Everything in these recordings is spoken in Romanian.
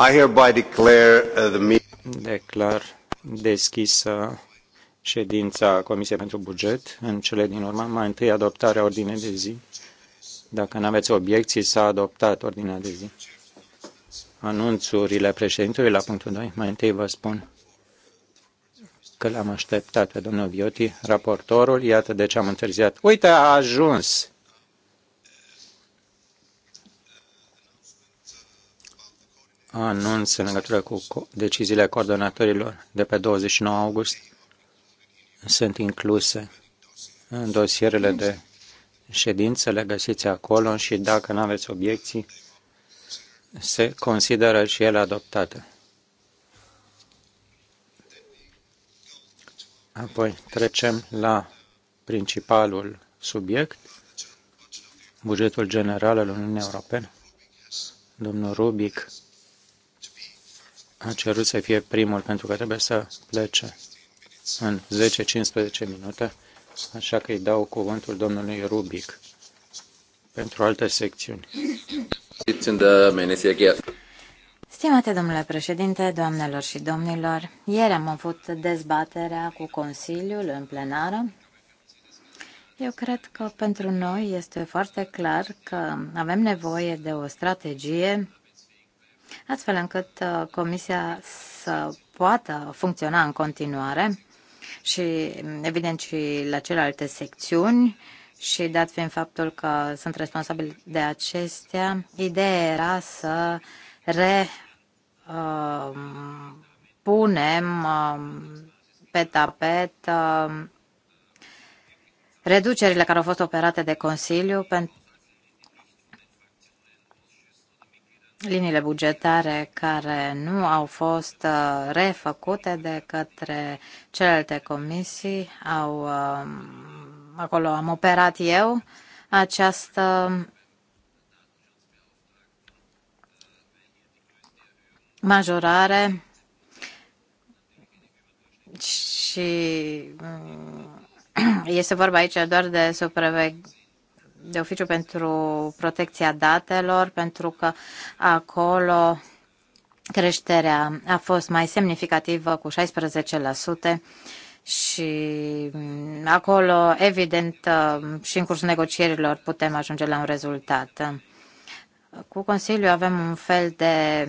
I hereby declare uh, the meeting. Declar deschisă ședința Comisiei pentru Buget. În cele din urmă, mai întâi adoptarea ordinei de zi. Dacă nu aveți obiecții, s-a adoptat ordinea de zi. Anunțurile președintelui la punctul 2. Mai întâi vă spun că l-am așteptat pe domnul Vioti, raportorul. Iată de ce am întârziat. Uite, a ajuns! anunț în legătură cu deciziile coordonatorilor de pe 29 august sunt incluse în dosierele de ședință, le găsiți acolo și dacă nu aveți obiecții, se consideră și ele adoptate. Apoi trecem la principalul subiect, bugetul general al Uniunii Europene. Domnul Rubic a cerut să fie primul pentru că trebuie să plece în 10-15 minute, așa că îi dau cuvântul domnului Rubic pentru alte secțiuni. Stimate domnule președinte, doamnelor și domnilor, ieri am avut dezbaterea cu Consiliul în plenară. Eu cred că pentru noi este foarte clar că avem nevoie de o strategie astfel încât uh, Comisia să poată funcționa în continuare și, mm, evident, și la celelalte secțiuni și dat fiind faptul că sunt responsabil de acestea, ideea era să re um, punem um, pe tapet um, reducerile care au fost operate de Consiliu pentru liniile bugetare care nu au fost uh, refăcute de către celelalte comisii. Au, um, acolo am operat eu această majorare și mm, este vorba aici doar de supraveghere de oficiu pentru protecția datelor, pentru că acolo creșterea a fost mai semnificativă cu 16% și acolo, evident, și în cursul negocierilor putem ajunge la un rezultat. Cu Consiliul avem un fel de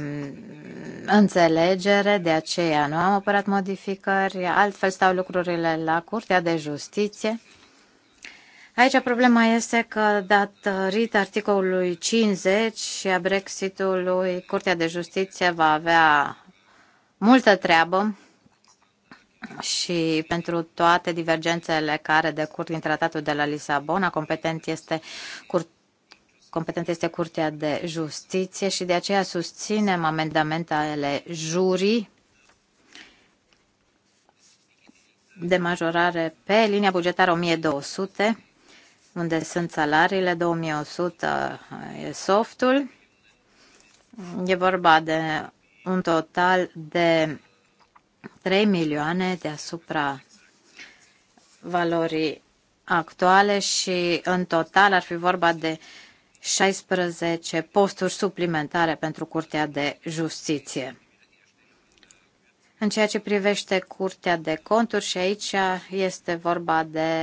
înțelegere, de aceea nu am operat modificări, altfel stau lucrurile la Curtea de Justiție Aici problema este că datorită articolului 50 și a Brexitului, Curtea de Justiție va avea multă treabă și pentru toate divergențele care decurg din tratatul de la Lisabona, competent este curtea competent este Curtea de Justiție și de aceea susținem amendamentele jurii de majorare pe linia bugetară 1200 unde sunt salariile, 2100 e softul. E vorba de un total de 3 milioane deasupra valorii actuale și în total ar fi vorba de 16 posturi suplimentare pentru Curtea de Justiție. În ceea ce privește Curtea de Conturi și aici este vorba de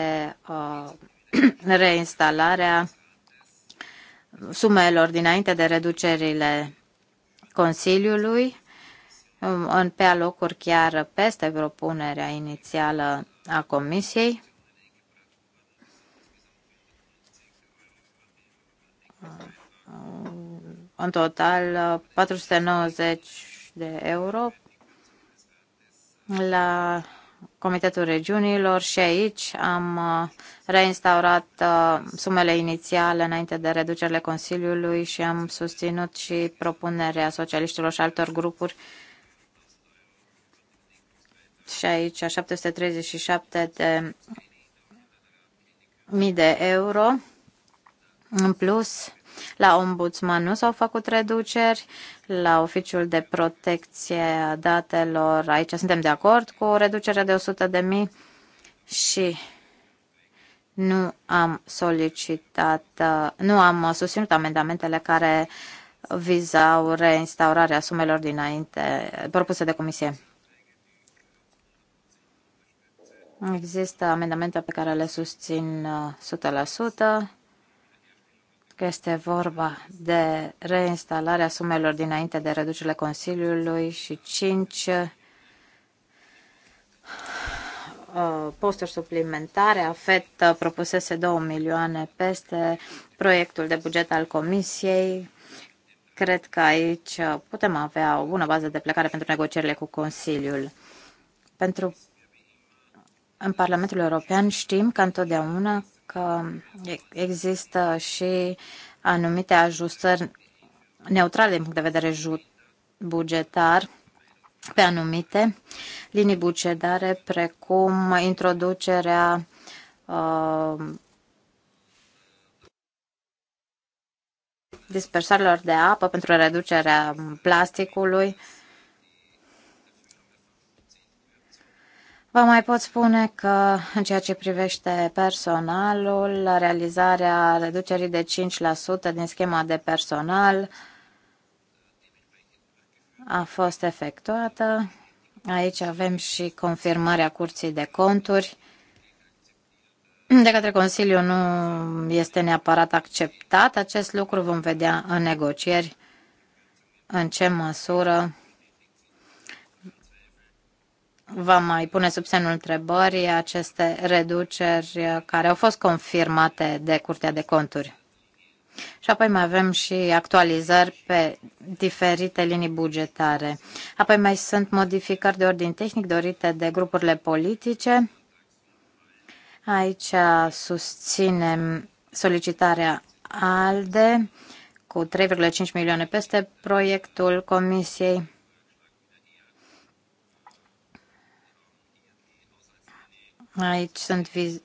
uh, reinstalarea sumelor dinainte de reducerile Consiliului, în pe alocuri chiar peste propunerea inițială a Comisiei. În total 490 de euro la Comitetul Regiunilor și aici am uh, reinstaurat uh, sumele inițiale înainte de reducerile Consiliului și am susținut și propunerea socialiștilor și altor grupuri și aici 737 de mii de euro în plus la ombudsman nu s-au făcut reduceri, la oficiul de protecție a datelor, aici suntem de acord cu o reducere de 100 de mii și nu am solicitat, nu am susținut amendamentele care vizau reinstaurarea sumelor dinainte propuse de comisie. Există amendamente pe care le susțin uh, că este vorba de reinstalarea sumelor dinainte de reducerile Consiliului și 5 uh, posturi suplimentare. afectă uh, propusese 2 milioane peste proiectul de buget al Comisiei. Cred că aici uh, putem avea o bună bază de plecare pentru negocierile cu Consiliul. Pentru în Parlamentul European știm că întotdeauna că există și anumite ajustări neutrale din punct de vedere bugetar pe anumite linii bugetare, precum introducerea uh, dispersarilor de apă pentru reducerea plasticului Vă mai pot spune că în ceea ce privește personalul, realizarea reducerii de 5% din schema de personal a fost efectuată. Aici avem și confirmarea Curții de Conturi. De către Consiliu nu este neapărat acceptat acest lucru. Vom vedea în negocieri în ce măsură va mai pune sub semnul întrebării aceste reduceri care au fost confirmate de Curtea de Conturi. Și apoi mai avem și actualizări pe diferite linii bugetare. Apoi mai sunt modificări de ordin tehnic dorite de grupurile politice. Aici susținem solicitarea ALDE cu 3,5 milioane peste proiectul Comisiei Aici sunt viz-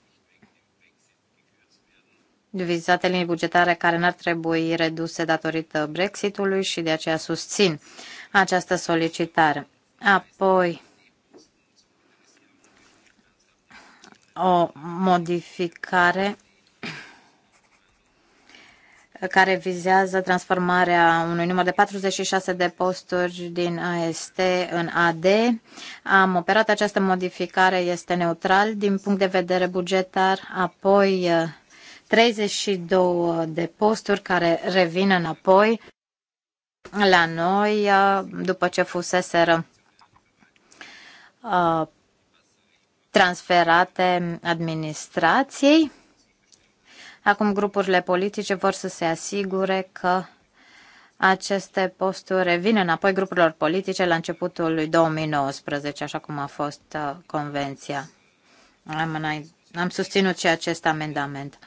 vizate linii bugetare care n-ar trebui reduse datorită Brexitului și de aceea susțin această solicitare. Apoi, o modificare care vizează transformarea unui număr de 46 de posturi din AST în AD. Am operat această modificare, este neutral din punct de vedere bugetar, apoi 32 eh, de posturi care revin înapoi la noi eh, după ce fuseseră eh, transferate administrației. Acum grupurile politice vor să se asigure că aceste posturi revin înapoi grupurilor politice la începutul lui 2019, așa cum a fost uh, convenția. Am, am susținut și acest amendament.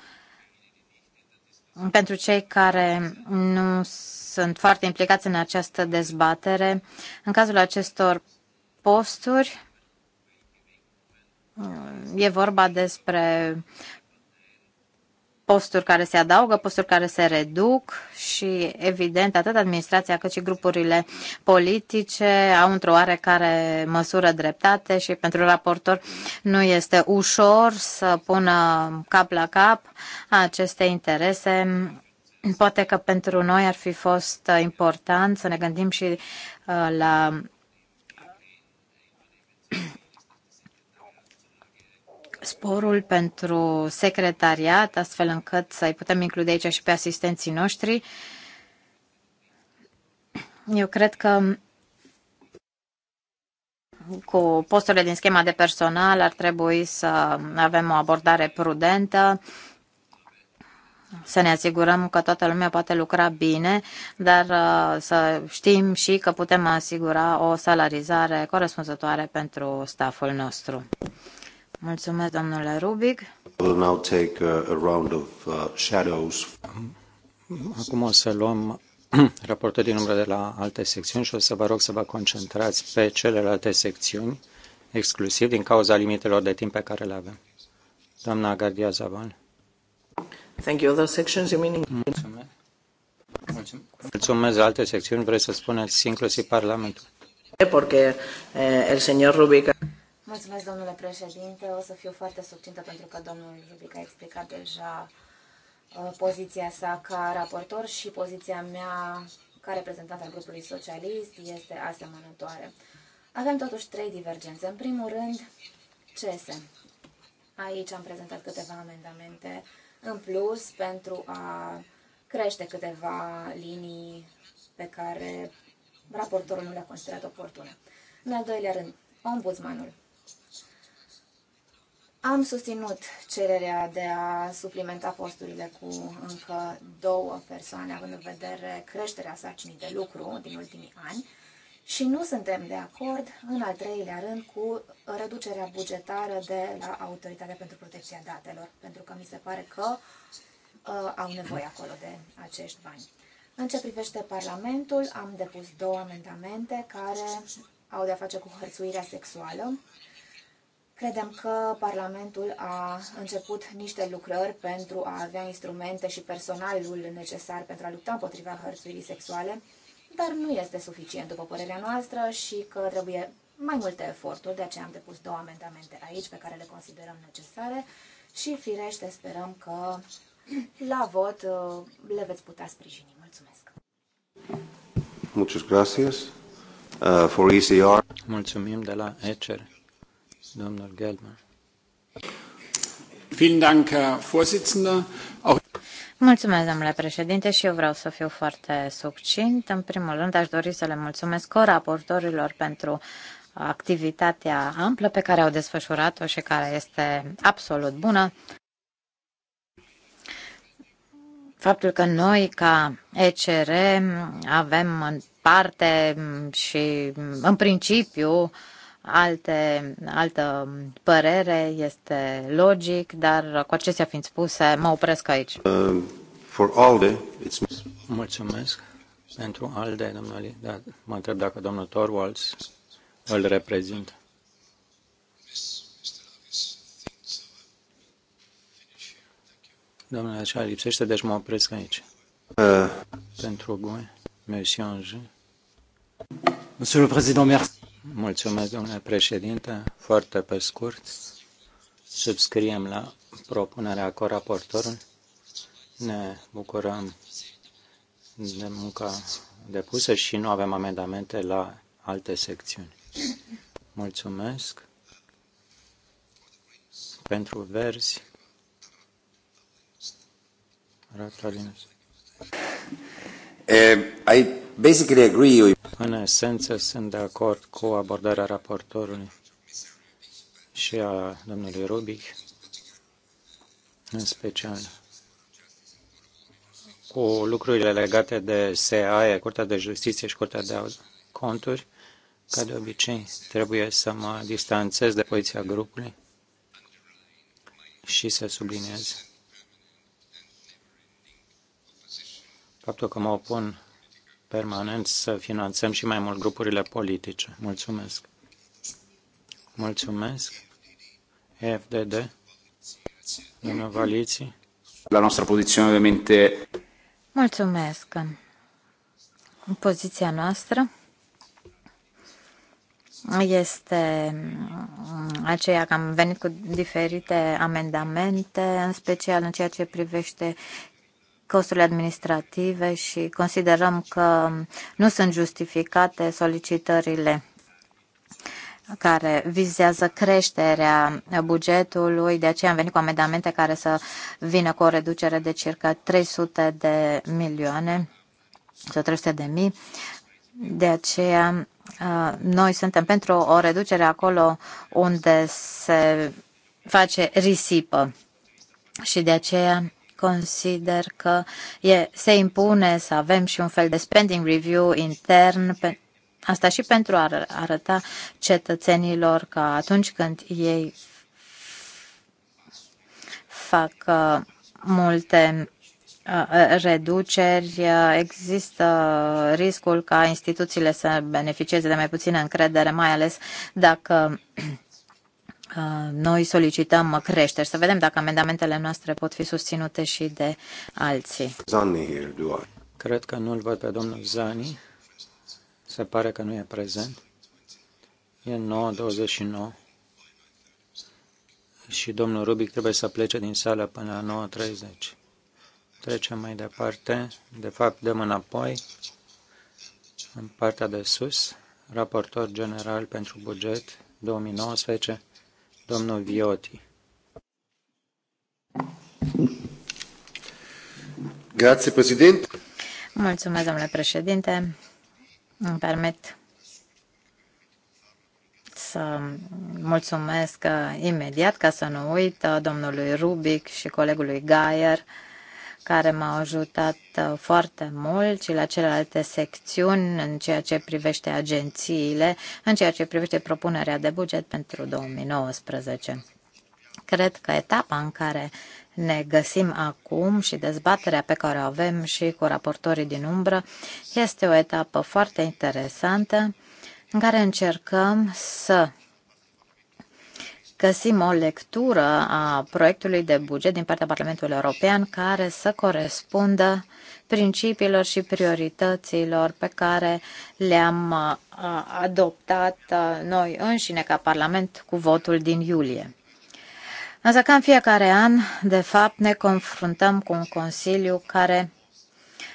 Pentru cei care nu sunt foarte implicați în această dezbatere, în cazul acestor posturi, e vorba despre posturi care se adaugă, posturi care se reduc și, evident, atât administrația cât și grupurile politice au într-o oarecare măsură dreptate și pentru raportor nu este ușor să pună cap la cap aceste interese. Poate că pentru noi ar fi fost important să ne gândim și uh, la sporul pentru secretariat, astfel încât să-i putem include aici și pe asistenții noștri. Eu cred că cu posturile din schema de personal ar trebui să avem o abordare prudentă, să ne asigurăm că toată lumea poate lucra bine, dar uh, să știm și că putem asigura o salarizare corespunzătoare pentru staful nostru. Mulțumesc, domnule Rubic. We'll now take a round of uh, shadows. Acum o să luăm raportul din umbră de la alte secțiuni și o să vă rog să vă concentrați pe celelalte secțiuni, exclusiv din cauza limitelor de timp pe care le avem. Doamna Gardia Zaval. Thank you. Other sections you mean... Mulțumesc. Mulțumesc. Alte secțiuni, vreți să spuneți inclusiv Parlamentul. Porque eh, el señor Rubic Mulțumesc, domnule președinte. O să fiu foarte succintă pentru că domnul Rubic a explicat deja uh, poziția sa ca raportor și poziția mea ca reprezentant al grupului socialist este asemănătoare. Avem totuși trei divergențe. În primul rând, CESE. Aici am prezentat câteva amendamente în plus pentru a crește câteva linii pe care raportorul nu le-a considerat oportune. În al doilea rând, ombudsmanul. Am susținut cererea de a suplimenta posturile cu încă două persoane, având în vedere creșterea sarcinii de lucru din ultimii ani și nu suntem de acord, în al treilea rând, cu reducerea bugetară de la Autoritatea pentru Protecția Datelor, pentru că mi se pare că uh, au nevoie acolo de acești bani. În ce privește Parlamentul, am depus două amendamente care au de-a face cu hărțuirea sexuală Credem că Parlamentul a început niște lucrări pentru a avea instrumente și personalul necesar pentru a lupta împotriva hărțuirii sexuale, dar nu este suficient, după părerea noastră, și că trebuie mai multe eforturi, de aceea am depus două amendamente aici pe care le considerăm necesare și firește sperăm că la vot uh, le veți putea sprijini. Mulțumesc! Muchas gracias. Uh, for ECR. Mulțumim de la ECR. Gelman. Mulțumesc, domnule președinte, și eu vreau să fiu foarte succint. În primul rând, aș dori să le mulțumesc coraportorilor pentru activitatea amplă pe care au desfășurat-o și care este absolut bună. Faptul că noi, ca ECR, avem în parte și în principiu alte, altă părere, este logic, dar cu acestea fiind spuse, mă opresc aici. Uh, for ALDE, it's... Mulțumesc pentru ALDE, domnule. Da, mă întreb dacă domnul Torvalds îl reprezintă. Domnule, așa lipsește, deci mă opresc aici. Uh. Pentru GUE, Monsieur Angers. Monsieur le Président, merci. Mulțumesc, domnule președinte. Foarte pe scurt, subscriem la propunerea coraportorului. Ne bucurăm de munca depusă și nu avem amendamente la alte secțiuni. Mulțumesc pentru verzi. Ratalin. Uh, I basically agree. În esență, sunt de acord cu abordarea raportorului și a domnului Rubic, în special cu lucrurile legate de SEAE, Curtea de Justiție și Curtea de Conturi, ca de obicei, trebuie să mă distanțez de poziția grupului și să subliniez faptul că mă opun permanent să finanțăm și mai mult grupurile politice. Mulțumesc. Mulțumesc. FDD. Domnul Valiții. La noastră poziție, obviamente. Mulțumesc. În poziția noastră este aceea că am venit cu diferite amendamente, în special în ceea ce privește costurile administrative și considerăm că nu sunt justificate solicitările care vizează creșterea bugetului, de aceea am venit cu amendamente care să vină cu o reducere de circa 300 de milioane sau 300 de mii. De aceea uh, noi suntem pentru o reducere acolo unde se face risipă și de aceea consider că e, se impune să avem și un fel de spending review intern pe, Asta și pentru a arăta cetățenilor că atunci când ei fac uh, multe uh, reduceri, uh, există riscul ca instituțiile să beneficieze de mai puțină încredere, mai ales dacă noi solicităm creșteri. Să vedem dacă amendamentele noastre pot fi susținute și de alții. Zani, Cred că nu-l văd pe domnul Zani. Se pare că nu e prezent. E 9.29 și domnul Rubic trebuie să plece din sală până la 9.30. Trecem mai departe. De fapt, dăm înapoi în partea de sus, raportor general pentru buget 2019, Domnul Vioti. Mulțumesc, domnule președinte. Îmi permit să mulțumesc uh, imediat, ca să nu uit, uh, domnului Rubic și colegului Gaier care m-au ajutat uh, foarte mult și la celelalte secțiuni în ceea ce privește agențiile, în ceea ce privește propunerea de buget pentru 2019. Cred că etapa în care ne găsim acum și dezbaterea pe care o avem și cu raportorii din umbră este o etapă foarte interesantă în care încercăm să găsim o lectură a proiectului de buget din partea Parlamentului European care să corespundă principiilor și priorităților pe care le-am uh, adoptat uh, noi înșine ca Parlament cu votul din iulie. Însă ca în fiecare an, de fapt, ne confruntăm cu un Consiliu care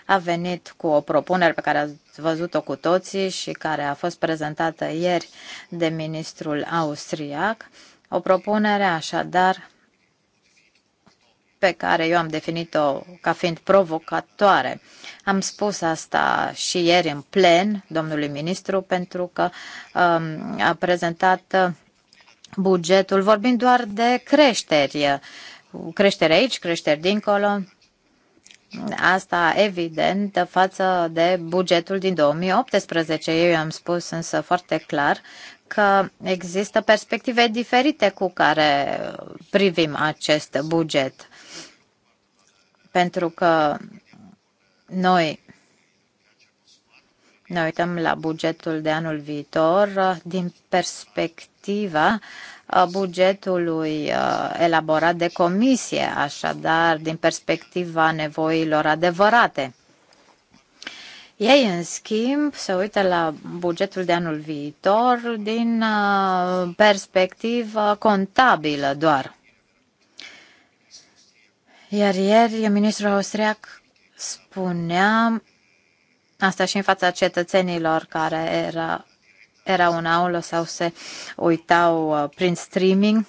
a venit cu o propunere pe care ați văzut-o cu toții și care a fost prezentată ieri de ministrul austriac, o propunere așadar pe care eu am definit-o ca fiind provocatoare. Am spus asta și ieri în plen domnului ministru pentru că um, a prezentat uh, bugetul vorbind doar de creșteri. Creștere aici, creșteri dincolo. Asta evident față de bugetul din 2018. Eu am spus însă foarte clar că există perspective diferite cu care privim acest buget. Pentru că noi ne uităm la bugetul de anul viitor din perspectiva bugetului elaborat de comisie, așadar din perspectiva nevoilor adevărate. Ei, în schimb, se uită la bugetul de anul viitor din uh, perspectivă contabilă doar. Iar ieri, ministrul austriac spunea asta și în fața cetățenilor care era, erau în aulă sau se uitau uh, prin streaming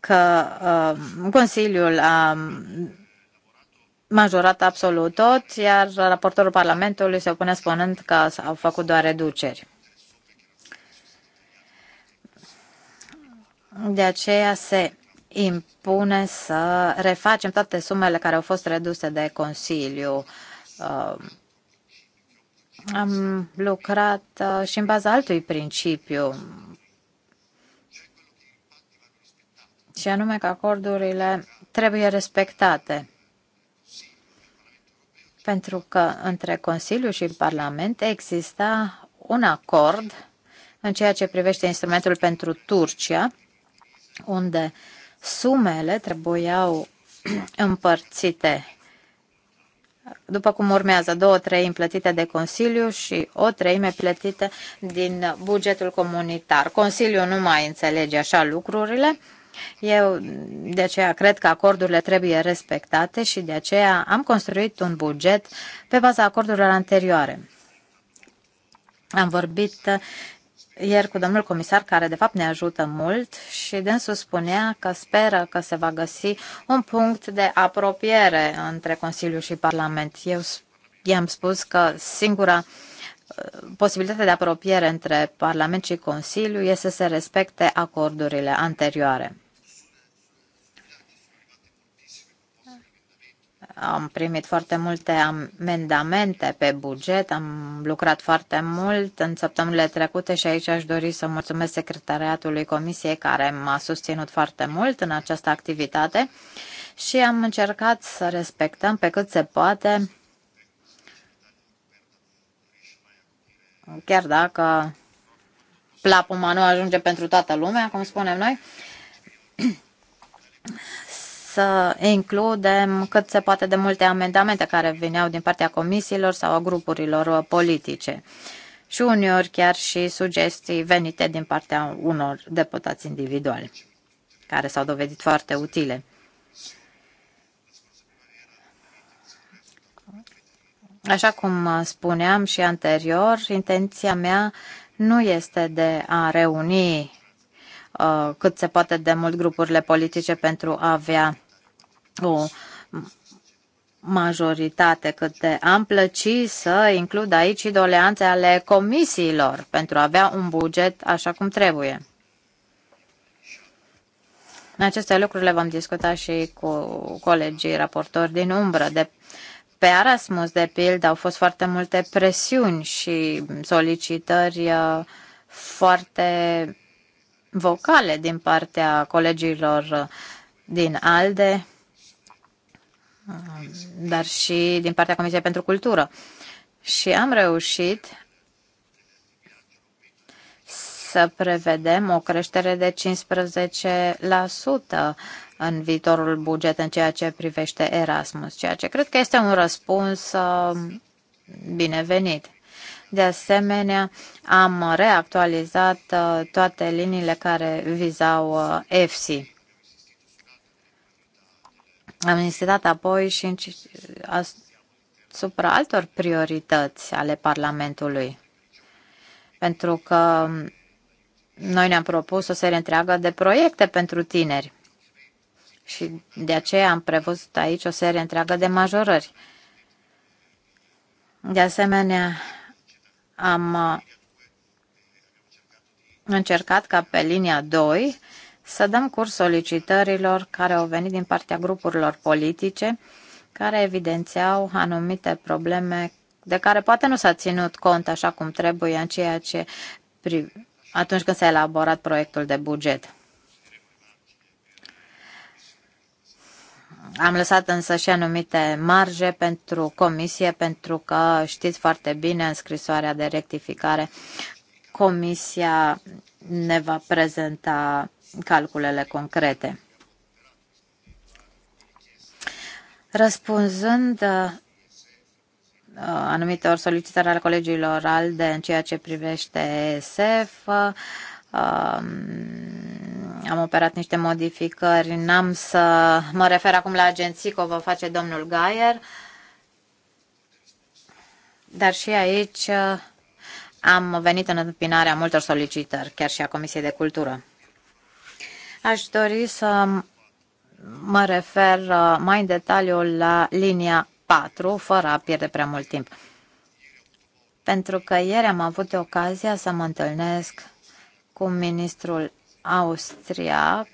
că uh, Consiliul a majorat absolut tot, iar raportorul Parlamentului se opune spunând că au făcut doar reduceri. De aceea se impune să refacem toate sumele care au fost reduse de Consiliu. Um, am lucrat uh, și în baza altui principiu, și anume că acordurile trebuie respectate pentru că între Consiliu și Parlament exista un acord în ceea ce privește instrumentul pentru Turcia, unde sumele trebuiau împărțite după cum urmează, două treimi plătite de Consiliu și o treime plătită din bugetul comunitar. Consiliul nu mai înțelege așa lucrurile eu de aceea cred că acordurile trebuie respectate și de aceea am construit un buget pe baza acordurilor anterioare. Am vorbit uh, ieri cu domnul comisar, care de fapt ne ajută mult și dânsul spunea că speră că se va găsi un punct de apropiere între Consiliu și Parlament. Eu i-am spus că singura uh, posibilitate de apropiere între Parlament și Consiliu este să se respecte acordurile anterioare. Am primit foarte multe amendamente pe buget, am lucrat foarte mult în săptămânile trecute și aici aș dori să mulțumesc secretariatului comisiei care m-a susținut foarte mult în această activitate și am încercat să respectăm pe cât se poate chiar dacă plapuma nu ajunge pentru toată lumea, cum spunem noi, să includem cât se poate de multe amendamente care veneau din partea comisiilor sau a grupurilor politice și uneori chiar și sugestii venite din partea unor deputați individuali, care s-au dovedit foarte utile. Așa cum spuneam și anterior, intenția mea nu este de a reuni uh, cât se poate de mult grupurile politice pentru a avea o majoritate cât de amplă, ci să includ aici și doleanțe ale comisiilor pentru a avea un buget așa cum trebuie. Aceste lucruri le vom discuta și cu colegii raportori din umbră. De pe Erasmus, de pildă, au fost foarte multe presiuni și solicitări uh, foarte vocale din partea colegilor uh, din ALDE dar și din partea Comisiei pentru Cultură. Și am reușit să prevedem o creștere de 15% în viitorul buget în ceea ce privește Erasmus, ceea ce cred că este un răspuns uh, binevenit. De asemenea, am reactualizat uh, toate liniile care vizau EFSI. Uh, am insistat apoi și asupra altor priorități ale Parlamentului, pentru că noi ne-am propus o serie întreagă de proiecte pentru tineri și de aceea am prevăzut aici o serie întreagă de majorări. De asemenea, am uh, încercat ca pe linia 2 să dăm curs solicitărilor care au venit din partea grupurilor politice, care evidențiau anumite probleme de care poate nu s-a ținut cont așa cum trebuie în ceea ce atunci când s-a elaborat proiectul de buget. Am lăsat însă și anumite marje pentru comisie, pentru că știți foarte bine în scrisoarea de rectificare, comisia ne va prezenta calculele concrete. Răspunzând uh, uh, anumitor solicitări ale colegilor ALDE în ceea ce privește ESF, uh, um, am operat niște modificări. N-am să mă refer acum la agenții, că o va face domnul Gaier. Dar și aici am venit în întâmpinarea multor solicitări, chiar și a Comisiei de Cultură. Aș dori să mă refer uh, mai în detaliu la linia 4, fără a pierde prea mult timp. Pentru că ieri am avut ocazia să mă întâlnesc cu ministrul austriac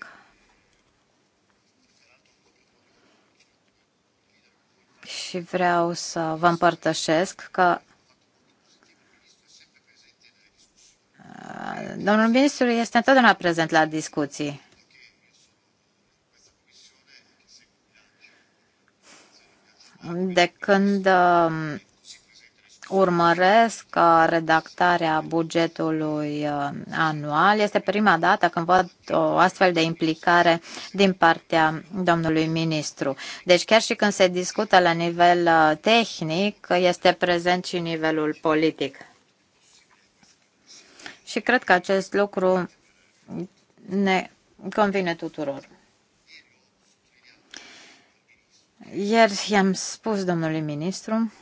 și vreau să vă împărtășesc că uh, domnul ministru este întotdeauna prezent la discuții. de când um, urmăresc uh, redactarea bugetului uh, anual. Este prima dată când văd o astfel de implicare din partea domnului ministru. Deci chiar și când se discută la nivel uh, tehnic, este prezent și nivelul politic. Și cred că acest lucru ne convine tuturor. Ieri i-am spus domnului ministru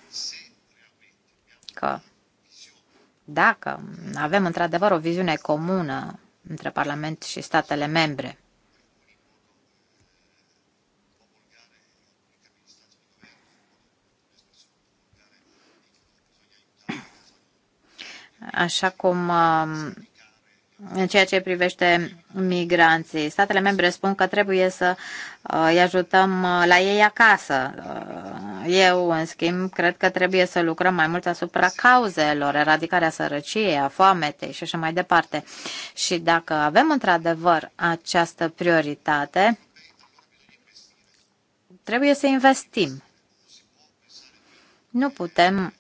că dacă avem într-adevăr o viziune comună între Parlament și statele membre, așa cum um, în ceea ce privește migranții. Statele membre spun că trebuie să uh, îi ajutăm uh, la ei acasă. Uh, eu, în schimb, cred că trebuie să lucrăm mai mult asupra cauzelor, eradicarea sărăciei, a foametei și așa mai departe. Și dacă avem într-adevăr această prioritate, trebuie să investim. Nu putem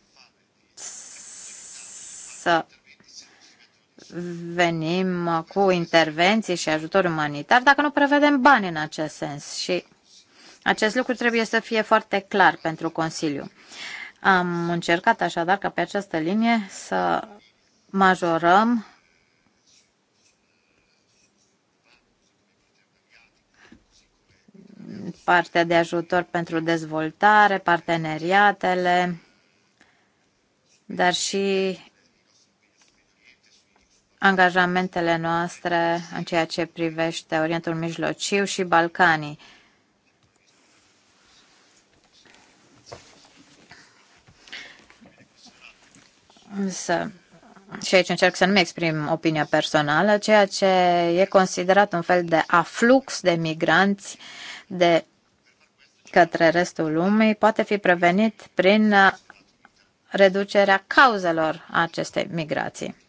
să venim cu intervenții și ajutor umanitar dacă nu prevedem bani în acest sens și acest lucru trebuie să fie foarte clar pentru Consiliu. Am încercat așadar ca pe această linie să majorăm partea de ajutor pentru dezvoltare, parteneriatele, dar și angajamentele noastre în ceea ce privește Orientul Mijlociu și Balcanii. Însă, și aici încerc să nu-mi exprim opinia personală, ceea ce e considerat un fel de aflux de migranți de către restul lumii poate fi prevenit prin reducerea cauzelor acestei migrații.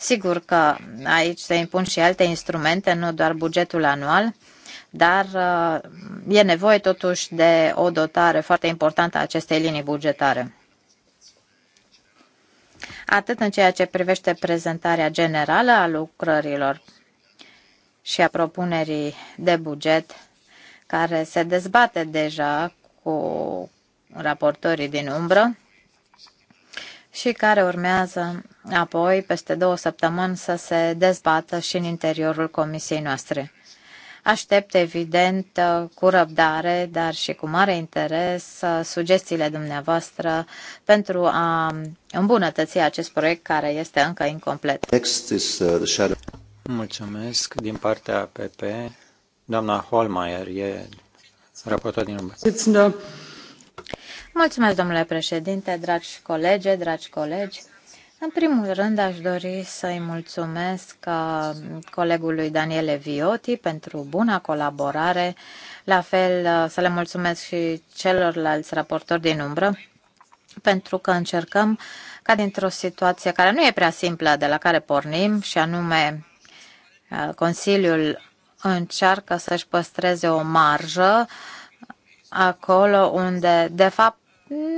Sigur că aici se impun și alte instrumente, nu doar bugetul anual, dar uh, e nevoie totuși de o dotare foarte importantă a acestei linii bugetare. Atât în ceea ce privește prezentarea generală a lucrărilor și a propunerii de buget, care se dezbate deja cu raportorii din umbră și care urmează apoi peste două săptămâni să se dezbată și în interiorul comisiei noastre. Aștept, evident, cu răbdare, dar și cu mare interes, sugestiile dumneavoastră pentru a îmbunătăți acest proiect care este încă incomplet. Next is uh, the shadow. Mulțumesc din partea PP. Doamna Holmeier e raportor din urmă. Uh, Mulțumesc, domnule președinte, dragi colegi, dragi colegi. În primul rând, aș dori să-i mulțumesc uh, colegului Daniele Vioti pentru buna colaborare, la fel uh, să le mulțumesc și celorlalți raportori din umbră, pentru că încercăm ca dintr-o situație care nu e prea simplă de la care pornim, și anume uh, Consiliul încearcă să-și păstreze o marjă acolo unde, de fapt,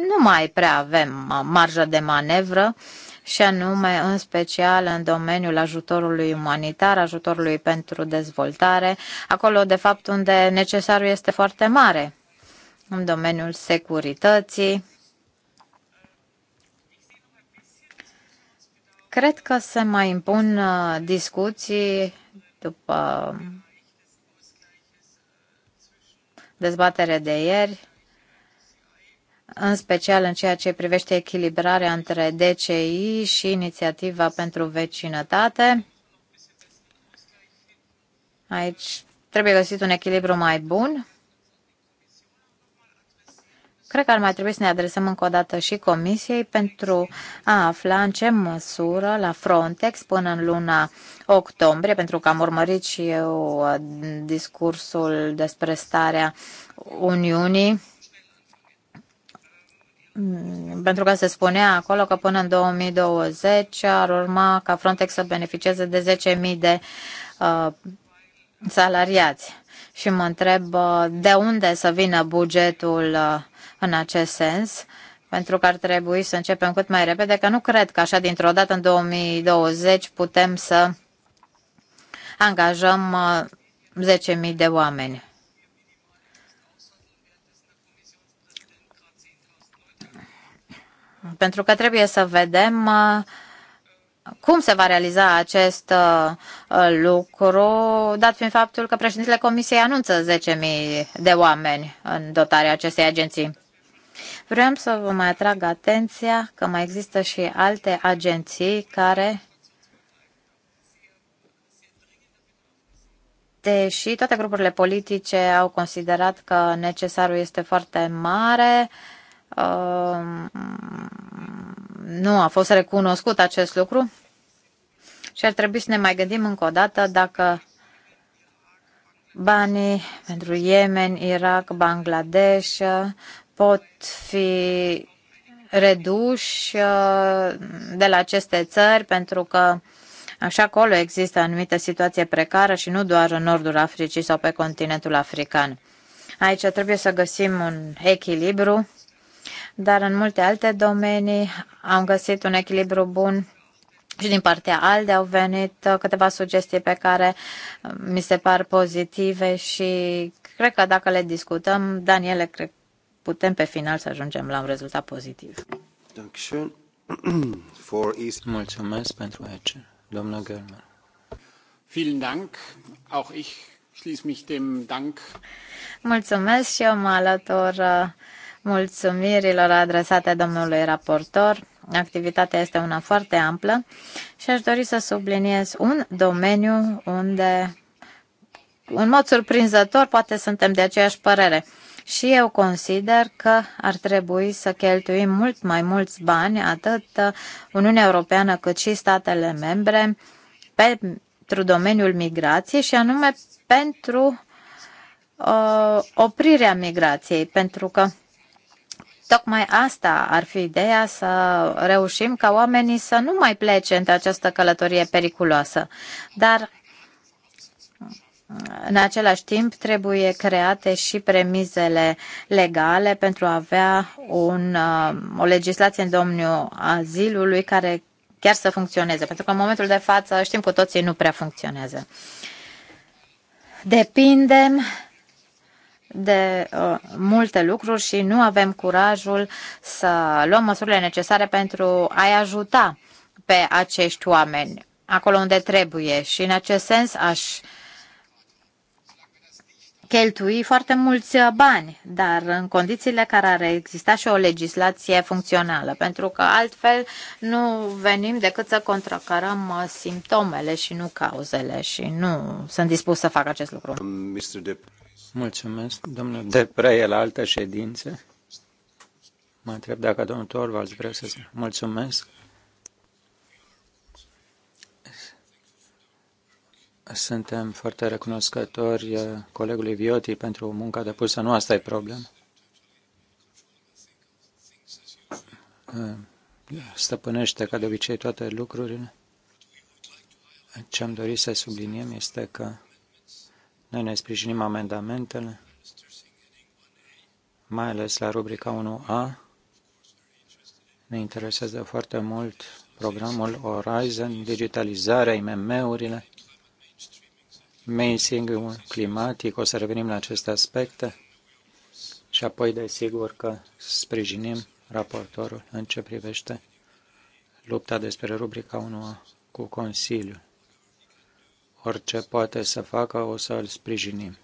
nu mai prea avem marjă de manevră și anume în special în domeniul ajutorului umanitar, ajutorului pentru dezvoltare, acolo de fapt unde necesarul este foarte mare, în domeniul securității. Cred că se mai impun uh, discuții după dezbatere de ieri în special în ceea ce privește echilibrarea între DCI și inițiativa pentru vecinătate. Aici trebuie găsit un echilibru mai bun. Cred că ar mai trebui să ne adresăm încă o dată și Comisiei pentru a afla în ce măsură la Frontex până în luna octombrie, pentru că am urmărit și eu uh, discursul despre starea Uniunii Mm, pentru că se spunea acolo că până în 2020 ar urma ca Frontex să beneficieze de 10.000 de uh, salariați. Și mă întreb uh, de unde să vină bugetul uh, în acest sens, pentru că ar trebui să începem cât mai repede, că nu cred că așa dintr-o dată în 2020 putem să angajăm uh, 10.000 de oameni. pentru că trebuie să vedem uh, cum se va realiza acest uh, lucru, dat fiind faptul că președintele Comisiei anunță 10.000 de oameni în dotarea acestei agenții. Vrem să vă mai atrag atenția că mai există și alte agenții care, deși toate grupurile politice au considerat că necesarul este foarte mare, uh, nu a fost recunoscut acest lucru și ar trebui să ne mai gândim încă o dată dacă banii pentru Yemen, Irak, Bangladesh pot fi reduși uh, de la aceste țări pentru că și acolo există anumite situație precară și nu doar în nordul Africii sau pe continentul african. Aici trebuie să găsim un echilibru dar în multe alte domenii am găsit un echilibru bun și din partea ALDE au venit uh, câteva sugestii pe care uh, mi se par pozitive și cred că dacă le discutăm, Daniele, cred putem pe final să ajungem la un rezultat pozitiv. Mulțumesc pentru aici, domnul Germer. Vielen Dank. Auch ich schließe mich dem Dank. Mulțumesc și eu mă alătur uh, mulțumirilor adresate domnului raportor. Activitatea este una foarte amplă și aș dori să subliniez un domeniu unde, în mod surprinzător, poate suntem de aceeași părere. Și eu consider că ar trebui să cheltuim mult mai mulți bani, atât Uniunea Europeană cât și statele membre, pentru domeniul migrației și anume pentru uh, oprirea migrației, pentru că Tocmai asta ar fi ideea să reușim ca oamenii să nu mai plece într această călătorie periculoasă. Dar în același timp trebuie create și premizele legale pentru a avea un, uh, o legislație în domeniul azilului care chiar să funcționeze, pentru că în momentul de față știm că toții nu prea funcționează. Depindem de uh, multe lucruri și nu avem curajul să luăm măsurile necesare pentru a-i ajuta pe acești oameni acolo unde trebuie. Și în acest sens aș cheltui foarte mulți bani, dar în condițiile care ar exista și o legislație funcțională, pentru că altfel nu venim decât să contracarăm uh, simptomele și nu cauzele și nu sunt dispus să fac acest lucru. Mulțumesc, de Depre, la altă ședință. Mă întreb dacă domnul Torvalds vrea să se... Mulțumesc. Suntem foarte recunoscători eh, colegului Vioti pentru munca depusă. Nu asta e problema. Eh, stăpânește, ca de obicei, toate lucrurile. Ce am dorit să subliniem este că noi ne sprijinim amendamentele, mai ales la rubrica 1A. Ne interesează foarte mult programul Horizon, digitalizarea, IMM-urile, mainstream climatic, o să revenim la aceste aspecte și apoi, desigur, că sprijinim raportorul în ce privește lupta despre rubrica 1 cu Consiliul. Orice poate să facă, o să îl sprijinim.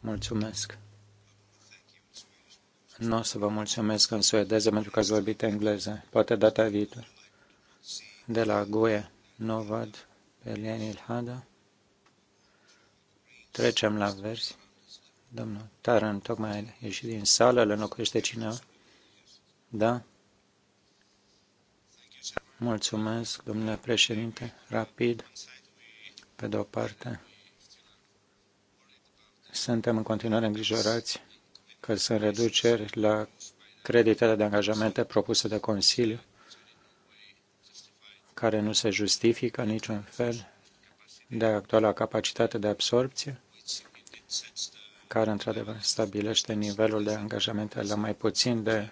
Mulțumesc. Nu o să vă mulțumesc în suedeză pentru că ați vorbit engleză. Poate data viitoare. De la Guie, nu văd Ilhada. Trecem la verzi. Domnul Taran tocmai a ieșit din sală, le înlocuiește cineva. Da? Mulțumesc, domnule președinte. Rapid. Pe de o parte, suntem în continuare îngrijorați că sunt reduceri la creditele de angajamente propuse de Consiliu, care nu se justifică niciun fel de actuala capacitate de absorpție, care într-adevăr stabilește nivelul de angajamente la mai puțin de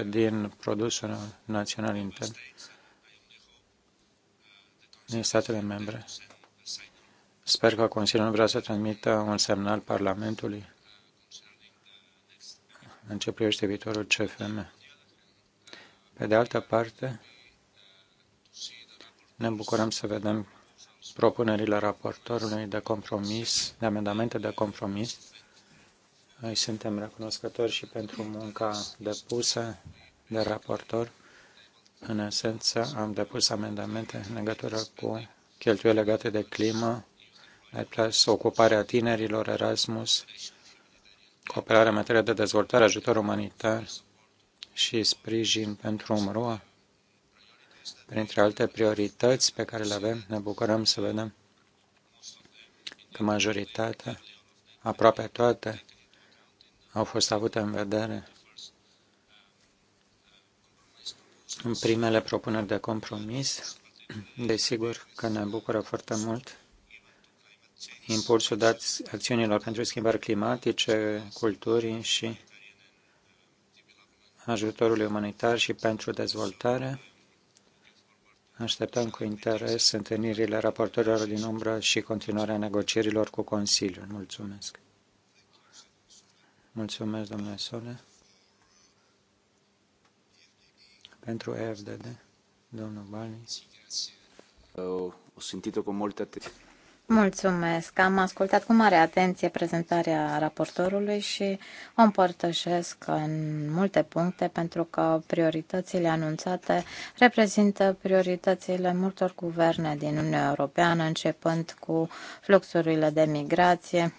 1% din produsul național intern din statele membre. Sper că Consiliul vrea să transmită un semnal Parlamentului în ce privește viitorul CFM. Pe de altă parte, ne bucurăm să vedem propunerile raportorului de compromis, de amendamente de compromis. Noi suntem recunoscători și pentru munca depusă de raportor. În esență, am depus amendamente în legătură cu cheltuieli legate de climă, Plus, ocuparea tinerilor, Erasmus, cooperarea în materie de dezvoltare, ajutor umanitar și sprijin pentru UMROA. Printre alte priorități pe care le avem, ne bucurăm să vedem că majoritatea, aproape toate, au fost avute în vedere în primele propuneri de compromis. Desigur că ne bucură foarte mult impulsul dat acțiunilor pentru schimbări climatice, culturii și ajutorul umanitar și pentru dezvoltare. Așteptăm cu interes întâlnirile raportorilor din umbră și continuarea negocierilor cu Consiliul. Mulțumesc. Mulțumesc, domnule Sole. Pentru EFDD, domnul o sentit-o cu multă atenție. Mulțumesc. Am ascultat cu mare atenție prezentarea raportorului și o împărtășesc în multe puncte pentru că prioritățile anunțate reprezintă prioritățile multor guverne din Uniunea Europeană, începând cu fluxurile de migrație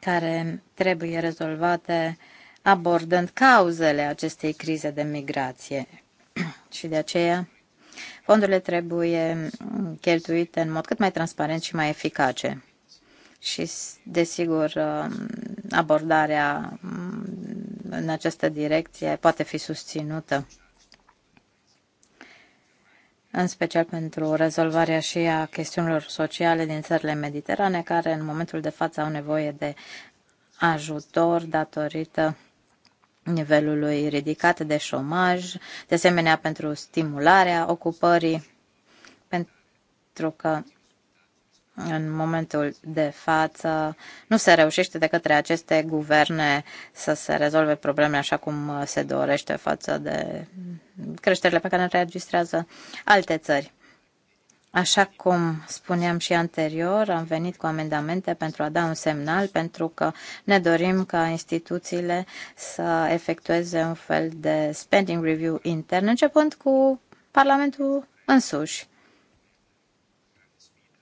care trebuie rezolvate abordând cauzele acestei crize de migrație. și de aceea Fondurile trebuie cheltuite în mod cât mai transparent și mai eficace. Și, desigur, um, abordarea mm, în această direcție poate fi susținută, în special pentru rezolvarea și a chestiunilor sociale din țările mediterane, care în momentul de față au nevoie de ajutor datorită nivelului ridicat de șomaj, de asemenea pentru stimularea ocupării, pentru că în momentul de față nu se reușește de către aceste guverne să se rezolve probleme așa cum se dorește față de creșterile pe care le înregistrează alte țări. Așa cum spuneam și anterior, am venit cu amendamente pentru a da un semnal, pentru că ne dorim ca instituțiile să efectueze un fel de spending review intern, începând cu Parlamentul însuși.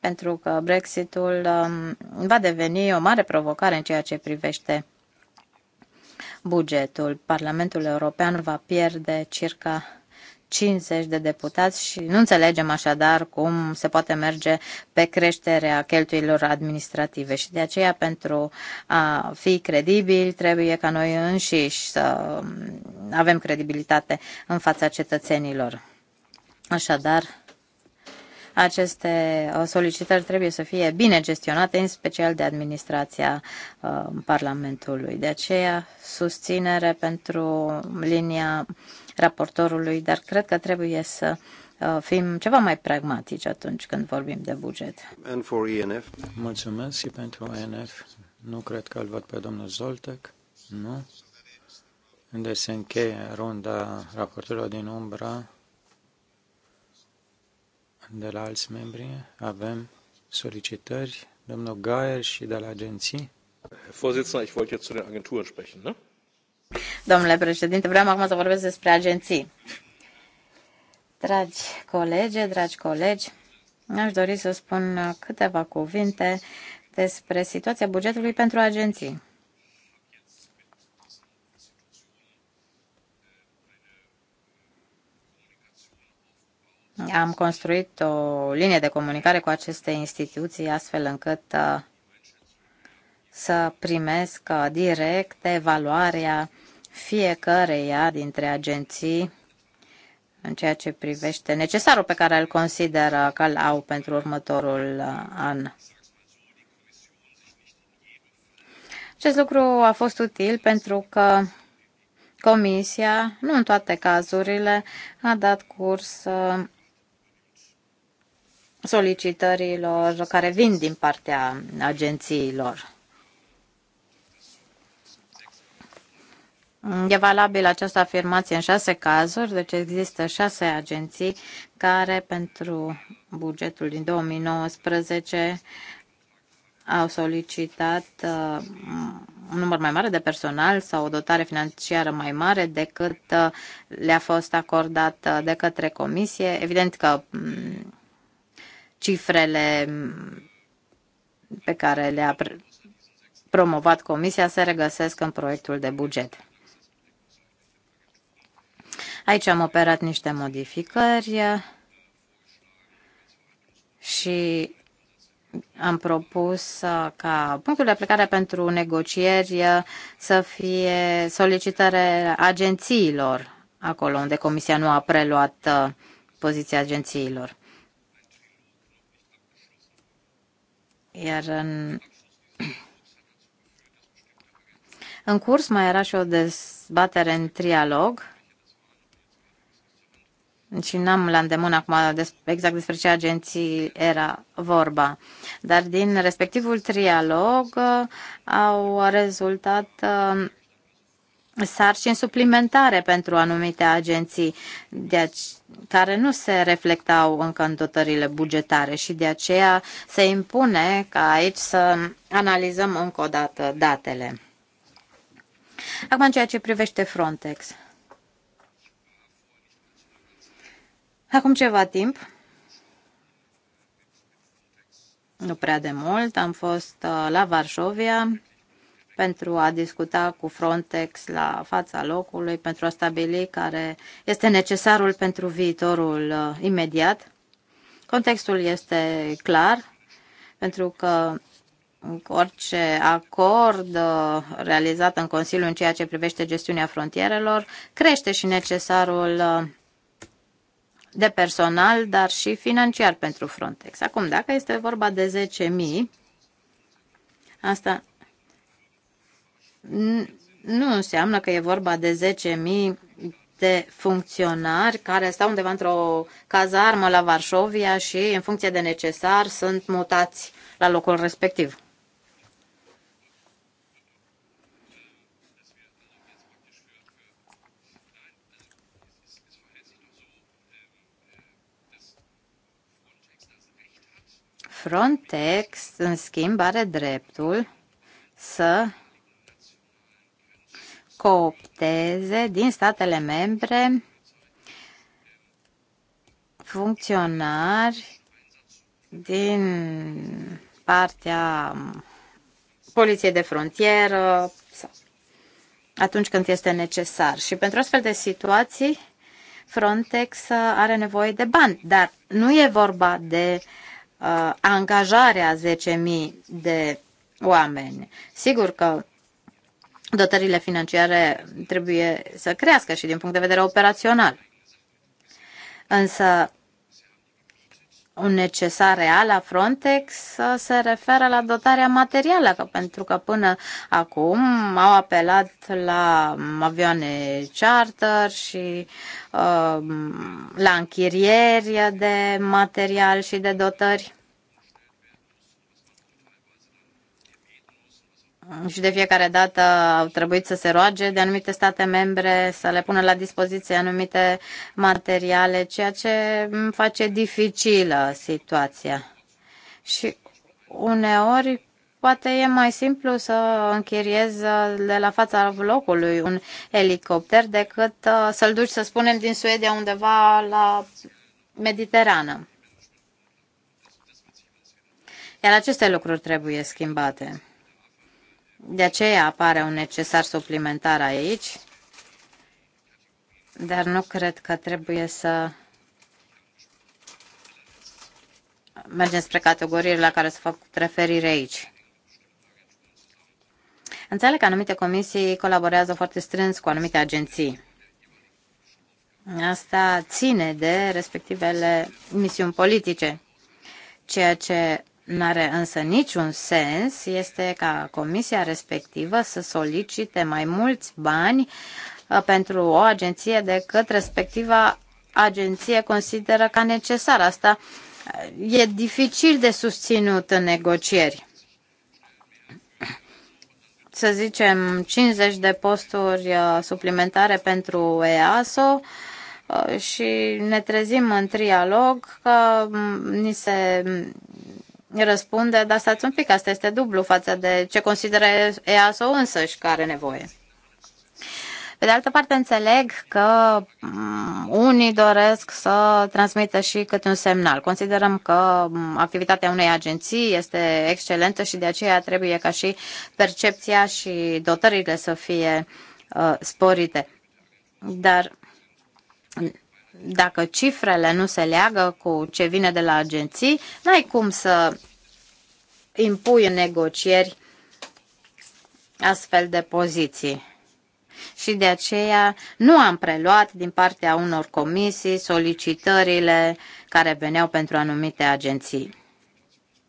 Pentru că Brexitul um, va deveni o mare provocare în ceea ce privește bugetul. Parlamentul European va pierde circa 50 de deputați și nu înțelegem așadar cum se poate merge pe creșterea cheltuielor administrative și de aceea pentru a fi credibili trebuie ca noi înșiși să avem credibilitate în fața cetățenilor. Așadar, aceste uh, solicitări trebuie să fie bine gestionate, în special de administrația uh, Parlamentului. De aceea, susținere pentru linia raportorului, dar cred că trebuie să uh, fim ceva mai pragmatici atunci când vorbim de buget. And for ENF. Mulțumesc și pentru ENF. Nu cred că îl văd pe domnul Zoltec. Nu. Unde se încheie runda raportelor din umbra de la alți membri. Avem solicitări, domnul Gaier și de la agenții. Vorsitzender, ich wollte jetzt zu den Agenturen sprechen, ne? Domnule președinte, vreau acum să vorbesc despre agenții. Dragi colegi, dragi colegi, aș dori să spun câteva cuvinte despre situația bugetului pentru agenții. Am construit o linie de comunicare cu aceste instituții astfel încât uh, să primesc uh, direct evaluarea fiecăreia dintre agenții în ceea ce privește necesarul pe care îl consideră că îl au pentru următorul uh, an. Acest lucru a fost util pentru că Comisia, nu în toate cazurile, a dat curs uh, solicitărilor care vin din partea agențiilor. Mm, e valabil această afirmație în șase cazuri, deci există șase agenții care pentru bugetul din 2019 au solicitat uh, un număr mai mare de personal sau o dotare financiară mai mare decât uh, le-a fost acordată uh, de către comisie. Evident că um, cifrele mm, pe care le-a promovat comisia se regăsesc în proiectul de buget. Aici am operat niște modificări și am propus ca punctul de plecare pentru negocieri să fie solicitarea agențiilor, acolo unde Comisia nu a preluat poziția agențiilor. Iar în, în curs mai era și o dezbatere în trialog și n-am la îndemână acum exact despre ce agenții era vorba. Dar din respectivul trialog uh, au rezultat uh, sarcini suplimentare pentru anumite agenții de care nu se reflectau încă în dotările bugetare și de aceea se impune ca aici să analizăm încă o dată datele. Acum, în ceea ce privește Frontex. Acum ceva timp, nu prea de mult, am fost uh, la Varșovia pentru a discuta cu Frontex la fața locului, pentru a stabili care este necesarul pentru viitorul uh, imediat. Contextul este clar, pentru că orice acord uh, realizat în Consiliu în ceea ce privește gestiunea frontierelor crește și necesarul de personal, dar și financiar pentru Frontex. Acum, dacă este vorba de 10.000, asta nu înseamnă că e vorba de 10.000 de funcționari care stau undeva într-o cazarmă la Varșovia și, în funcție de necesar, sunt mutați la locul respectiv. Frontex, în schimb, are dreptul să coopteze din statele membre funcționari din partea poliției de frontieră atunci când este necesar. Și pentru astfel de situații, Frontex are nevoie de bani, dar nu e vorba de uh, angajarea 10.000 de oameni. Sigur că dotările financiare trebuie să crească și din punct de vedere operațional. Însă un necesar real la Frontex se referă la dotarea materială, că pentru că până acum au apelat la avioane charter și uh, la închirieri de material și de dotări. și de fiecare dată au trebuit să se roage de anumite state membre să le pună la dispoziție anumite materiale, ceea ce face dificilă situația. Și uneori poate e mai simplu să închiriez de la fața locului un elicopter decât uh, să-l duci, să spunem, din Suedia undeva la Mediterană. Iar aceste lucruri trebuie schimbate. De aceea apare un necesar suplimentar aici, dar nu cred că trebuie să mergem spre categoriile la care să fac referire aici. Înțeleg că anumite comisii colaborează foarte strâns cu anumite agenții. Asta ține de respectivele misiuni politice, ceea ce nu are însă niciun sens este ca comisia respectivă să solicite mai mulți bani uh, pentru o agenție decât respectiva agenție consideră ca necesar. Asta uh, e dificil de susținut în negocieri. Să zicem 50 de posturi uh, suplimentare pentru EASO și ne trezim în trialog că mm, ni se răspunde, dar stați un pic, asta este dublu față de ce consideră EASO însăși că are nevoie. Pe de altă parte, înțeleg că mm, unii doresc să transmită și câte un semnal. Considerăm că mm, activitatea unei agenții este excelentă și de aceea trebuie ca și percepția și dotările să fie uh, sporite. Dar dacă cifrele nu se leagă cu ce vine de la agenții, n-ai cum să impui în negocieri astfel de poziții. Și de aceea nu am preluat din partea unor comisii solicitările care veneau pentru anumite agenții.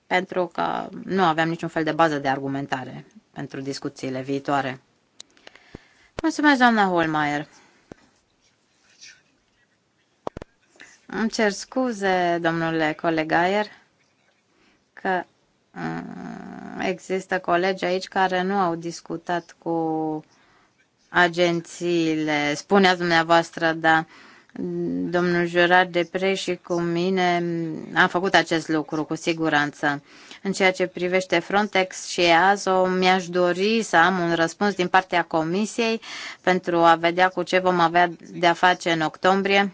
Pentru că nu aveam niciun fel de bază de argumentare pentru discuțiile viitoare. Mulțumesc, doamna Holmeier. Îmi cer scuze, domnule colegaier, că uh, există colegi aici care nu au discutat cu agențiile. Spuneați dumneavoastră, da, domnul Jurat de Pre și cu mine am făcut acest lucru cu siguranță. În ceea ce privește Frontex și EASO, mi-aș dori să am un răspuns din partea Comisiei pentru a vedea cu ce vom avea de-a face în octombrie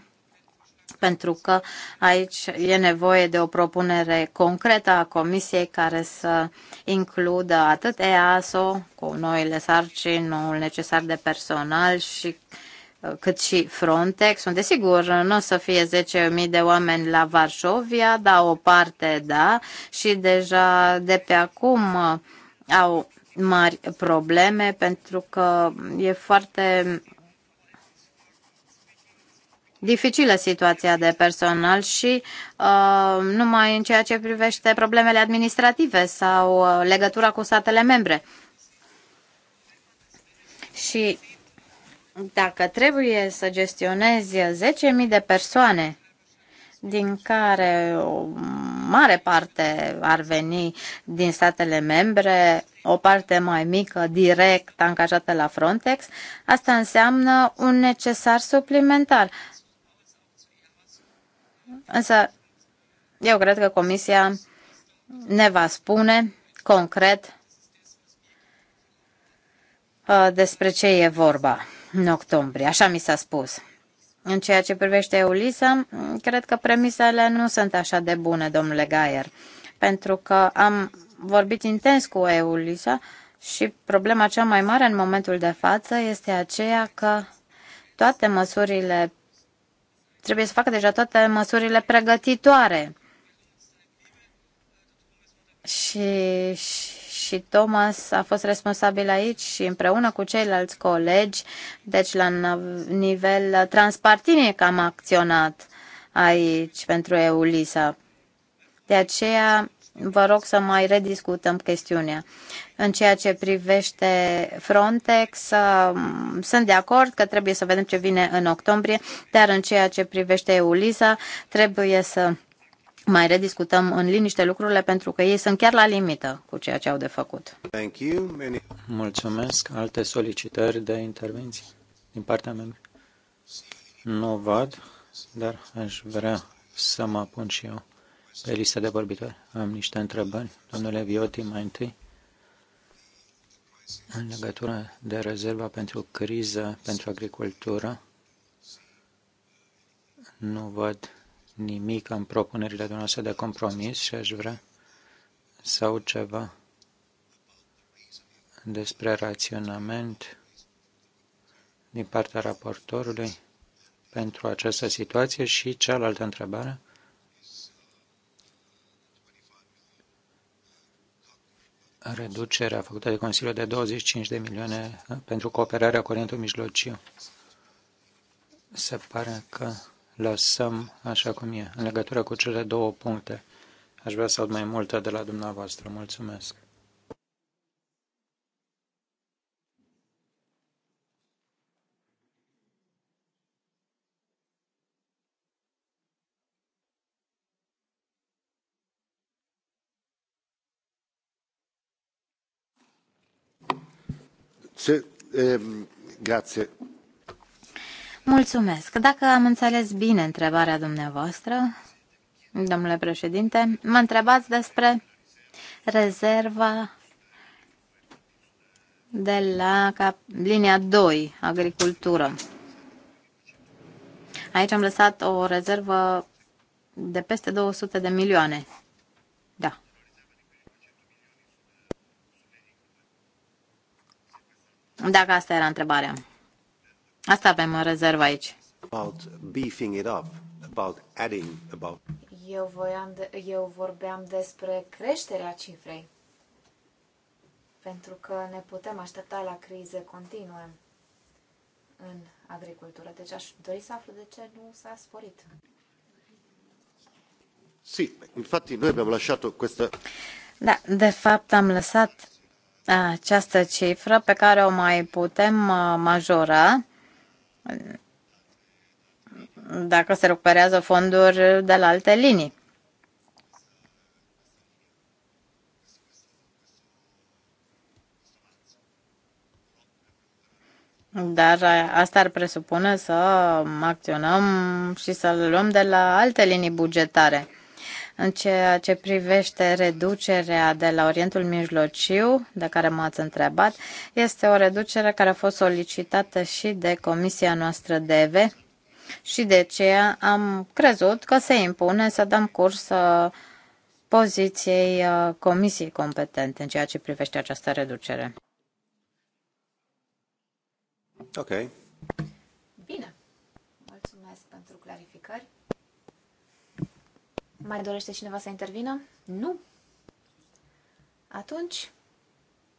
pentru că aici e nevoie de o propunere concretă a Comisiei care să includă atât EASO cu noile sarcini, noul necesar de personal și uh, cât și Frontex, unde sigur nu o să fie 10.000 de oameni la Varșovia, dar o parte da și deja de pe acum uh, au mari probleme pentru că e foarte dificilă situația de personal și uh, numai în ceea ce privește problemele administrative sau uh, legătura cu statele membre. Și dacă trebuie să gestionezi 10.000 de persoane, din care o mare parte ar veni din statele membre, o parte mai mică direct angajată la Frontex, asta înseamnă un necesar suplimentar. Însă eu cred că Comisia ne va spune concret uh, despre ce e vorba în octombrie. Așa mi s-a spus. În ceea ce privește Eulisa, cred că premisele nu sunt așa de bune, domnule Gaier, pentru că am vorbit intens cu Eulisa și problema cea mai mare în momentul de față este aceea că toate măsurile trebuie să facă deja toate măsurile pregătitoare. Și, și, și Thomas a fost responsabil aici și împreună cu ceilalți colegi, deci la nivel transpartinic am acționat aici pentru EULISA. De aceea vă rog să mai rediscutăm chestiunea. În ceea ce privește Frontex, um, sunt de acord că trebuie să vedem ce vine în octombrie, dar în ceea ce privește EULISA, trebuie să mai rediscutăm în liniște lucrurile pentru că ei sunt chiar la limită cu ceea ce au de făcut. Thank you. Many... Mulțumesc. Alte solicitări de intervenții din partea mea? Nu văd, dar aș vrea să mă pun și eu pe lista de vorbitori. Am niște întrebări. Domnule Vioti, mai întâi, în legătură de rezerva pentru criză, pentru agricultură, nu văd nimic în propunerile dumneavoastră de compromis și aș vrea sau ceva despre raționament din partea raportorului pentru această situație și cealaltă întrebare reducerea făcută de Consiliul de 25 de milioane uh, pentru cooperarea cu Orientul Mijlociu. Se pare că lăsăm așa cum e. În legătură cu cele două puncte, aș vrea să aud mai multe de la dumneavoastră. Mulțumesc. Mulțumesc. Dacă am înțeles bine întrebarea dumneavoastră, domnule președinte, mă întrebați despre rezerva de la cap, linia 2, agricultură. Aici am lăsat o rezervă de peste 200 de milioane. Da. Dacă asta era întrebarea. Asta avem o rezervă aici. About beefing it up, about adding, about... Eu, voiam de, eu vorbeam despre creșterea cifrei. Pentru că ne putem aștepta la crize continue în agricultură. Deci aș dori să aflu de ce nu s-a sporit. Sì, infatti noi abbiamo lasciato questa... Da, de fapt am lăsat această cifră pe care o mai putem uh, majora dacă se recuperează fonduri de la alte linii. Dar uh, asta ar presupune să acționăm și să luăm de la alte linii bugetare. În ceea ce privește reducerea de la Orientul Mijlociu, de care m-ați întrebat, este o reducere care a fost solicitată și de Comisia noastră DV și de aceea am crezut că se impune să dăm curs uh, poziției uh, comisiei competente în ceea ce privește această reducere. Okay. Mai dorește cineva să intervină? Nu. Atunci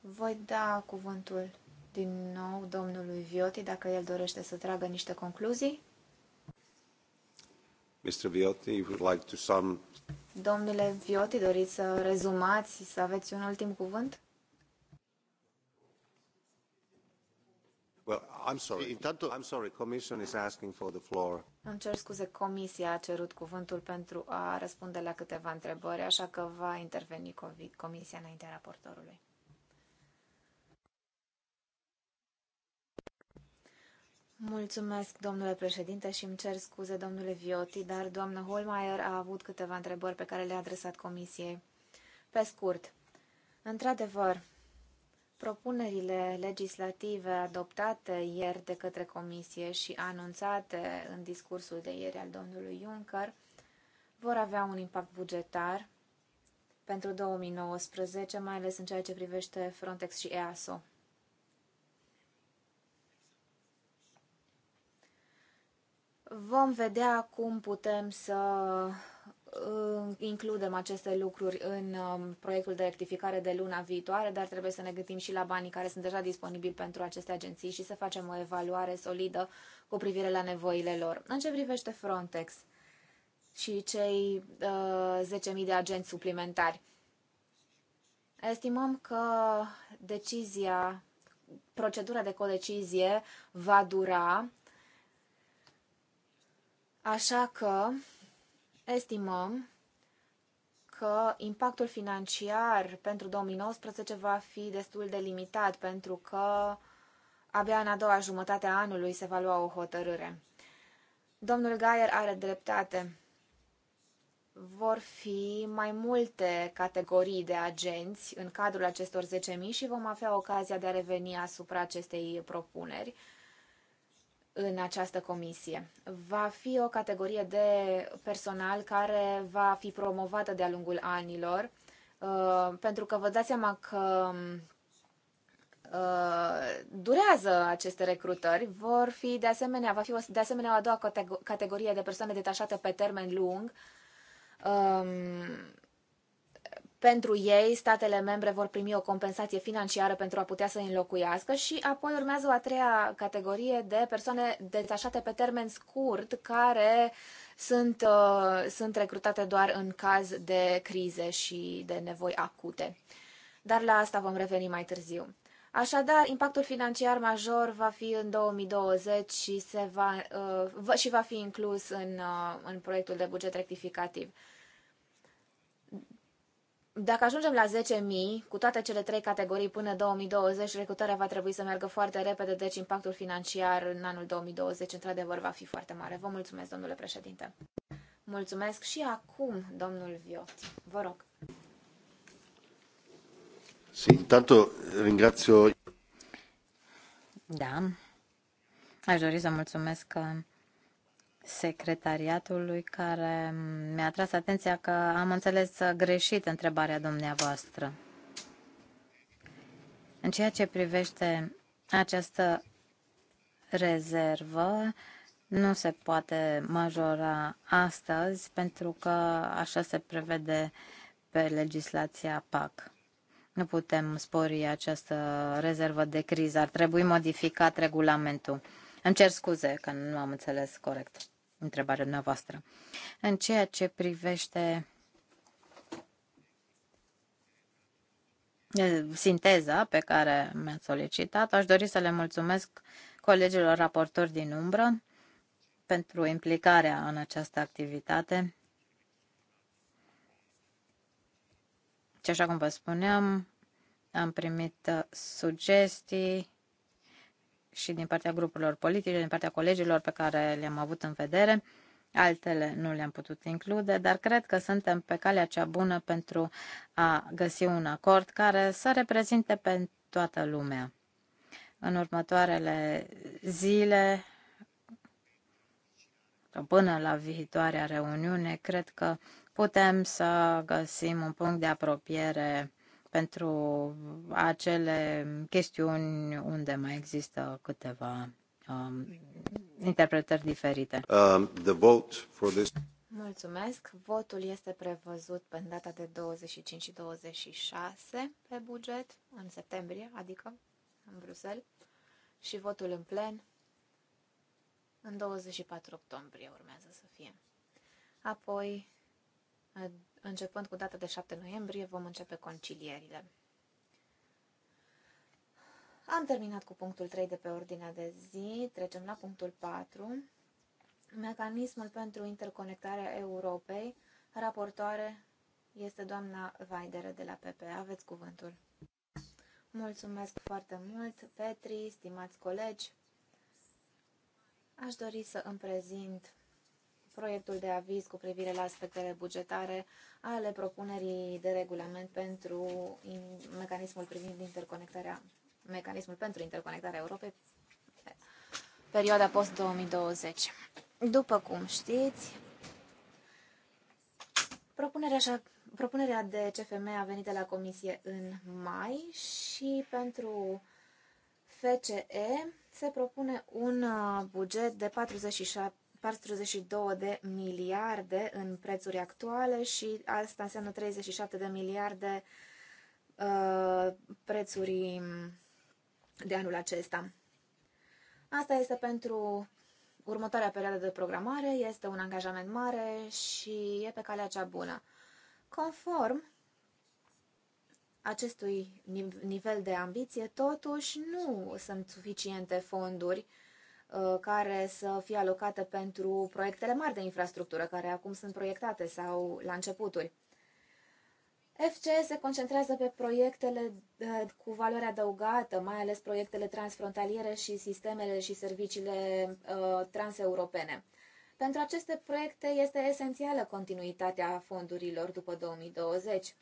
voi da cuvântul din nou domnului Vioti dacă el dorește să tragă niște concluzii. Mr. Vioti, you would like to sum... Domnule Viotti, doriți să rezumați, să aveți un ultim cuvânt? Îmi cer scuze, comisia a cerut cuvântul pentru a răspunde la câteva întrebări, așa că va interveni comisia înaintea raportorului. Mulțumesc, domnule președinte, și îmi cer scuze, domnule Vioti, dar doamna Holmeier a avut câteva întrebări pe care le-a adresat comisiei. Pe scurt, într-adevăr, Propunerile legislative adoptate ieri de către Comisie și anunțate în discursul de ieri al domnului Juncker vor avea un impact bugetar pentru 2019, mai ales în ceea ce privește Frontex și EASO. Vom vedea cum putem să Uh, includem aceste lucruri în um, proiectul de rectificare de luna viitoare, dar trebuie să ne gândim și la banii care sunt deja disponibili pentru aceste agenții și să facem o evaluare solidă cu privire la nevoile lor. În ce privește Frontex și cei uh, 10.000 de agenți suplimentari, estimăm că decizia, procedura de codecizie va dura, așa că Estimăm că impactul financiar pentru 2019 va fi destul de limitat, pentru că abia în a doua jumătate a anului se va lua o hotărâre. Domnul Gaier are dreptate. Vor fi mai multe categorii de agenți în cadrul acestor 10.000 și vom avea ocazia de a reveni asupra acestei propuneri în această comisie. Va fi o categorie de personal care va fi promovată de-a lungul anilor, uh, pentru că vă dați seama că uh, durează aceste recrutări, vor fi de asemenea, va fi o, de asemenea o a doua categorie de persoane detașate pe termen lung, um, pentru ei, statele membre vor primi o compensație financiară pentru a putea să înlocuiască și apoi urmează o a treia categorie de persoane detașate pe termen scurt care sunt, uh, sunt recrutate doar în caz de crize și de nevoi acute. Dar la asta vom reveni mai târziu. Așadar, impactul financiar major va fi în 2020 și, se va, uh, și va fi inclus în, uh, în proiectul de buget rectificativ. Dacă ajungem la 10.000, cu toate cele trei categorii până 2020, recrutarea va trebui să meargă foarte repede, deci impactul financiar în anul 2020 într-adevăr va fi foarte mare. Vă mulțumesc, domnule președinte. Mulțumesc și acum, domnul Viotti. Vă rog. Sì, intanto ringrazio... Da, aș dori să mulțumesc secretariatului care mi-a tras atenția că am înțeles greșit întrebarea dumneavoastră. În ceea ce privește această rezervă, nu se poate majora astăzi pentru că așa se prevede pe legislația PAC. Nu putem spori această rezervă de criză. Ar trebui modificat regulamentul. Îmi cer scuze că nu am înțeles corect întrebarea dumneavoastră. În ceea ce privește sinteza pe care mi a solicitat, aș dori să le mulțumesc colegilor raportori din umbră pentru implicarea în această activitate. Și așa cum vă spuneam, am primit uh, sugestii și din partea grupurilor politice, din partea colegilor pe care le-am avut în vedere. Altele nu le-am putut include, dar cred că suntem pe calea cea bună pentru a găsi un acord care să reprezinte pe toată lumea. În următoarele zile, până la viitoarea reuniune, cred că putem să găsim un punct de apropiere pentru acele chestiuni unde mai există câteva um, interpretări diferite. Um, the vote for this... Mulțumesc. Votul este prevăzut pe data de 25 și 26 pe buget, în septembrie, adică în Bruxelles, și votul în plen în 24 octombrie urmează să fie. Apoi începând cu data de 7 noiembrie, vom începe concilierile. Am terminat cu punctul 3 de pe ordinea de zi, trecem la punctul 4, mecanismul pentru interconectarea Europei, raportoare este doamna Vaidere de la PP. Aveți cuvântul. Mulțumesc foarte mult, Petri, stimați colegi. Aș dori să îmi prezint proiectul de aviz cu privire la aspectele bugetare ale propunerii de regulament pentru mecanismul privind interconectarea, mecanismul pentru interconectarea Europei perioada post-2020. După cum știți, propunerea, așa, propunerea de CFM a venit de la Comisie în mai și pentru FCE se propune un uh, buget de 47 42 de miliarde în prețuri actuale și asta înseamnă 37 de miliarde uh, prețuri mm, de anul acesta. Asta este pentru următoarea perioadă de programare, este un angajament mare și e pe calea cea bună. Conform acestui nivel de ambiție, totuși nu sunt suficiente fonduri uh, Uh, care să fie alocate pentru proiectele mari de infrastructură, care acum sunt proiectate sau la începuturi. FC se concentrează pe proiectele uh, cu valoare adăugată, mai ales proiectele transfrontaliere și sistemele și serviciile uh, transeuropene. Pentru aceste proiecte este esențială continuitatea fondurilor după 2020.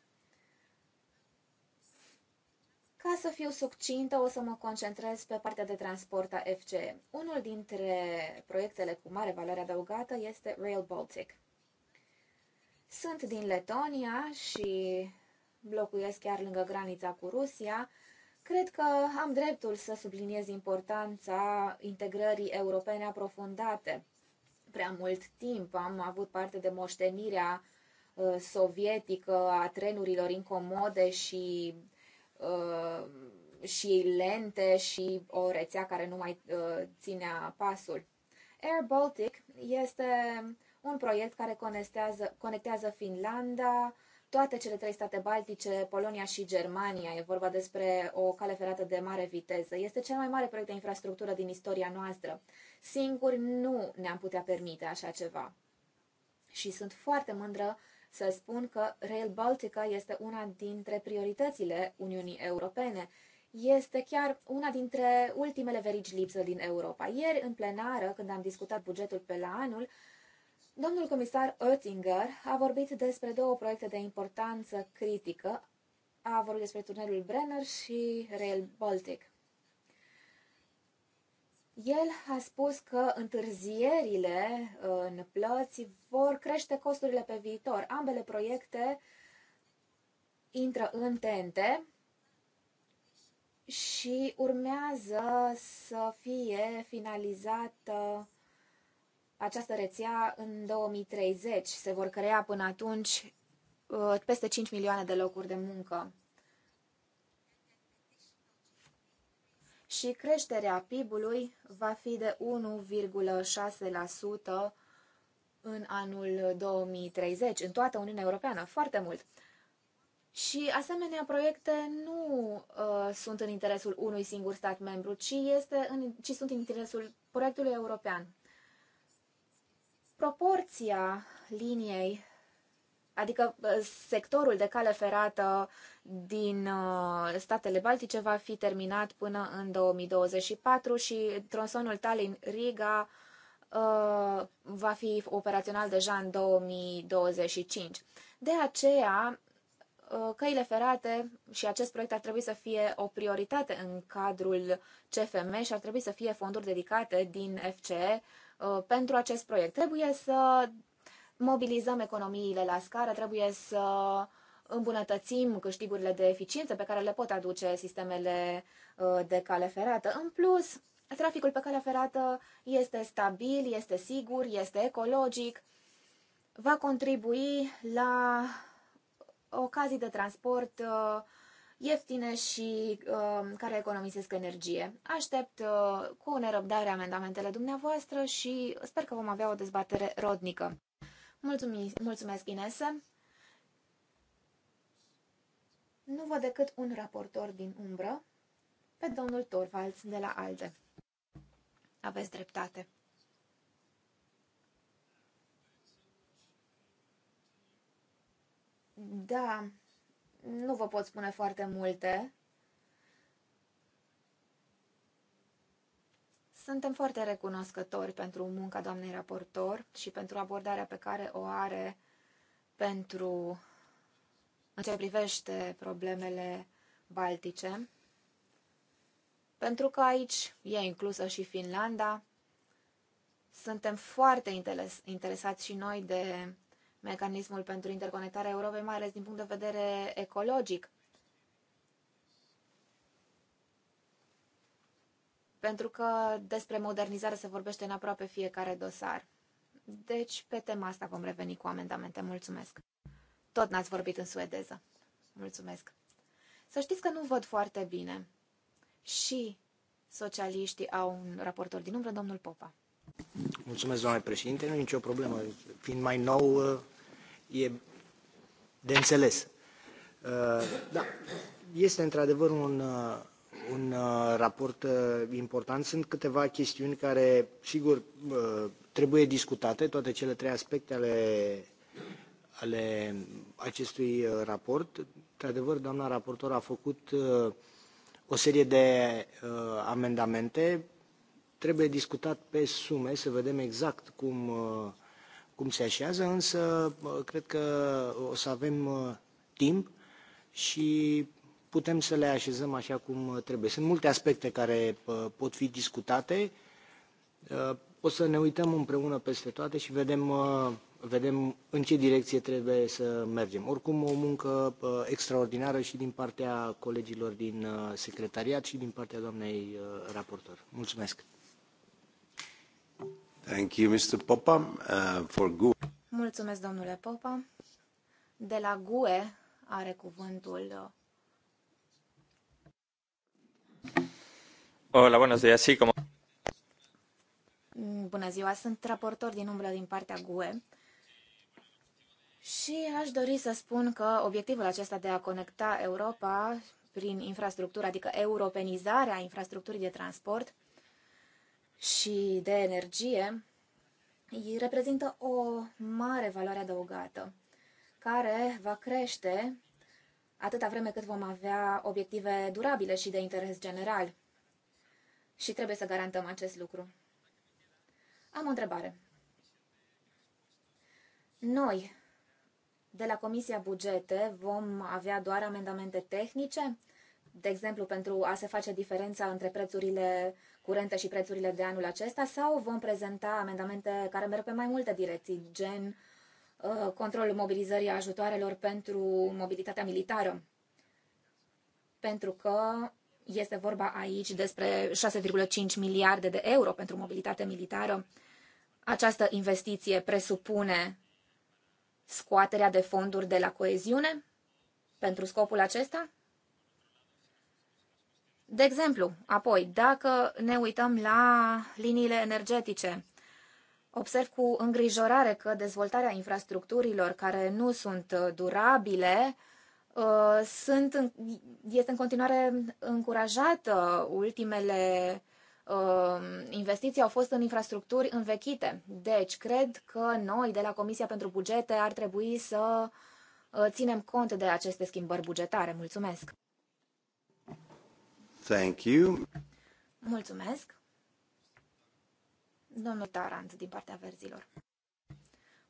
Ca să fiu succintă, o să mă concentrez pe partea de transport a FCE. Unul dintre proiectele cu mare valoare adăugată este Rail Baltic. Sunt din Letonia și locuiesc chiar lângă granița cu Rusia. Cred că am dreptul să subliniez importanța integrării europene aprofundate. Prea mult timp am avut parte de moștenirea uh, sovietică a trenurilor incomode și Uh, și lente și o rețea care nu mai uh, ținea pasul. Air Baltic este un proiect care conectează, conectează Finlanda, toate cele trei state baltice, Polonia și Germania. E vorba despre o cale ferată de mare viteză. Este cel mai mare proiect de infrastructură din istoria noastră. Singuri nu ne-am putea permite așa ceva. Și sunt foarte mândră să spun că Rail Baltica este una dintre prioritățile Uniunii Europene. Este chiar una dintre ultimele verigi lipsă din Europa. Ieri, în plenară, când am discutat bugetul pe la anul, domnul comisar Oettinger a vorbit despre două proiecte de importanță critică. A vorbit despre tunelul Brenner și Rail Baltic. El a spus că întârzierile uh, în plăți vor crește costurile pe viitor. Ambele proiecte intră în tente și urmează să fie finalizată această rețea în 2030. Se vor crea până atunci uh, peste 5 milioane de locuri de muncă. și creșterea PIB-ului va fi de 1,6% în anul 2030, în toată Uniunea Europeană, foarte mult. Și asemenea proiecte nu uh, sunt în interesul unui singur stat membru, ci, este în, ci sunt în interesul proiectului european. Proporția liniei adică sectorul de cale ferată din uh, statele Baltice va fi terminat până în 2024 și tronsonul Tallinn-Riga uh, va fi operațional deja în 2025. De aceea, uh, căile ferate și acest proiect ar trebui să fie o prioritate în cadrul CFM și ar trebui să fie fonduri dedicate din FCE pentru acest proiect. Trebuie să mobilizăm economiile la scară, trebuie să îmbunătățim câștigurile de eficiență pe care le pot aduce sistemele uh, de cale ferată. În plus, traficul pe cale ferată este stabil, este sigur, este ecologic, va contribui la ocazii de transport uh, ieftine și uh, care economisesc energie. Aștept cu nerăbdare amendamentele dumneavoastră și sper că vom avea o dezbatere rodnică. Mulțumim, mulțumesc, Inesă. Nu văd decât un raportor din umbră, pe domnul Torvalds de la ALDE. Aveți dreptate. Da, nu vă pot spune foarte multe. Suntem foarte recunoscători pentru munca doamnei raportor și pentru abordarea pe care o are pentru în ce privește problemele baltice, pentru că aici e inclusă și Finlanda. Suntem foarte interes, interesați și noi de mecanismul pentru interconectarea Europei, mai ales din punct de vedere ecologic. pentru că despre modernizare se vorbește în aproape fiecare dosar. Deci, pe tema asta vom reveni cu amendamente. Mulțumesc! Tot n-ați vorbit în suedeză. Mulțumesc! Să știți că nu văd foarte bine. Și socialiștii au un raportor din umbră, domnul Popa. Mulțumesc, doamne președinte. Nu e nicio problemă. Fiind mai nou, e de înțeles. Uh, da, este într-adevăr un uh, un uh, raport uh, important. Sunt câteva chestiuni care, sigur, uh, trebuie discutate, toate cele trei aspecte ale, ale acestui raport. Într-adevăr, doamna raportor a făcut o serie de amendamente. Trebuie discutat pe sume, să vedem exact cum, cum se așează, însă cred că o să avem timp și putem să le așezăm așa cum uh, trebuie. Sunt multe aspecte care uh, pot fi discutate. Uh, o să ne uităm împreună peste toate și vedem, vedem în ce direcție trebuie să mergem. Oricum, o muncă extraordinară și din partea colegilor din secretariat și din partea doamnei raportor. Mulțumesc! Thank you, Mr. Popa, uh, for GUE. Mulțumesc, domnule Popa. De la GUE are cuvântul Bună ziua, sunt raportor din umbră din partea GUE și aș dori să spun că obiectivul acesta de a conecta Europa prin infrastructură, adică europenizarea infrastructurii de transport și de energie, reprezintă o mare valoare adăugată, care va crește atâta vreme cât vom avea obiective durabile și de interes general și trebuie să garantăm acest lucru. Am o întrebare. Noi, de la Comisia Bugete, vom avea doar amendamente tehnice? De exemplu, pentru a se face diferența între prețurile curente și prețurile de anul acesta? Sau vom prezenta amendamente care merg pe mai multe direcții, gen uh, controlul mobilizării ajutoarelor pentru mobilitatea militară? Pentru că este vorba aici despre 6,5 miliarde de euro pentru mobilitate militară. Această investiție presupune scoaterea de fonduri de la coeziune pentru scopul acesta? De exemplu, apoi, dacă ne uităm la liniile energetice, observ cu îngrijorare că dezvoltarea infrastructurilor care nu sunt durabile Uh, sunt în, este în continuare încurajată. Ultimele uh, investiții au fost în infrastructuri învechite. Deci, cred că noi de la Comisia pentru Bugete ar trebui să uh, ținem cont de aceste schimbări bugetare. Mulțumesc! Thank you. Mulțumesc! Domnul Tarant, din partea verzilor.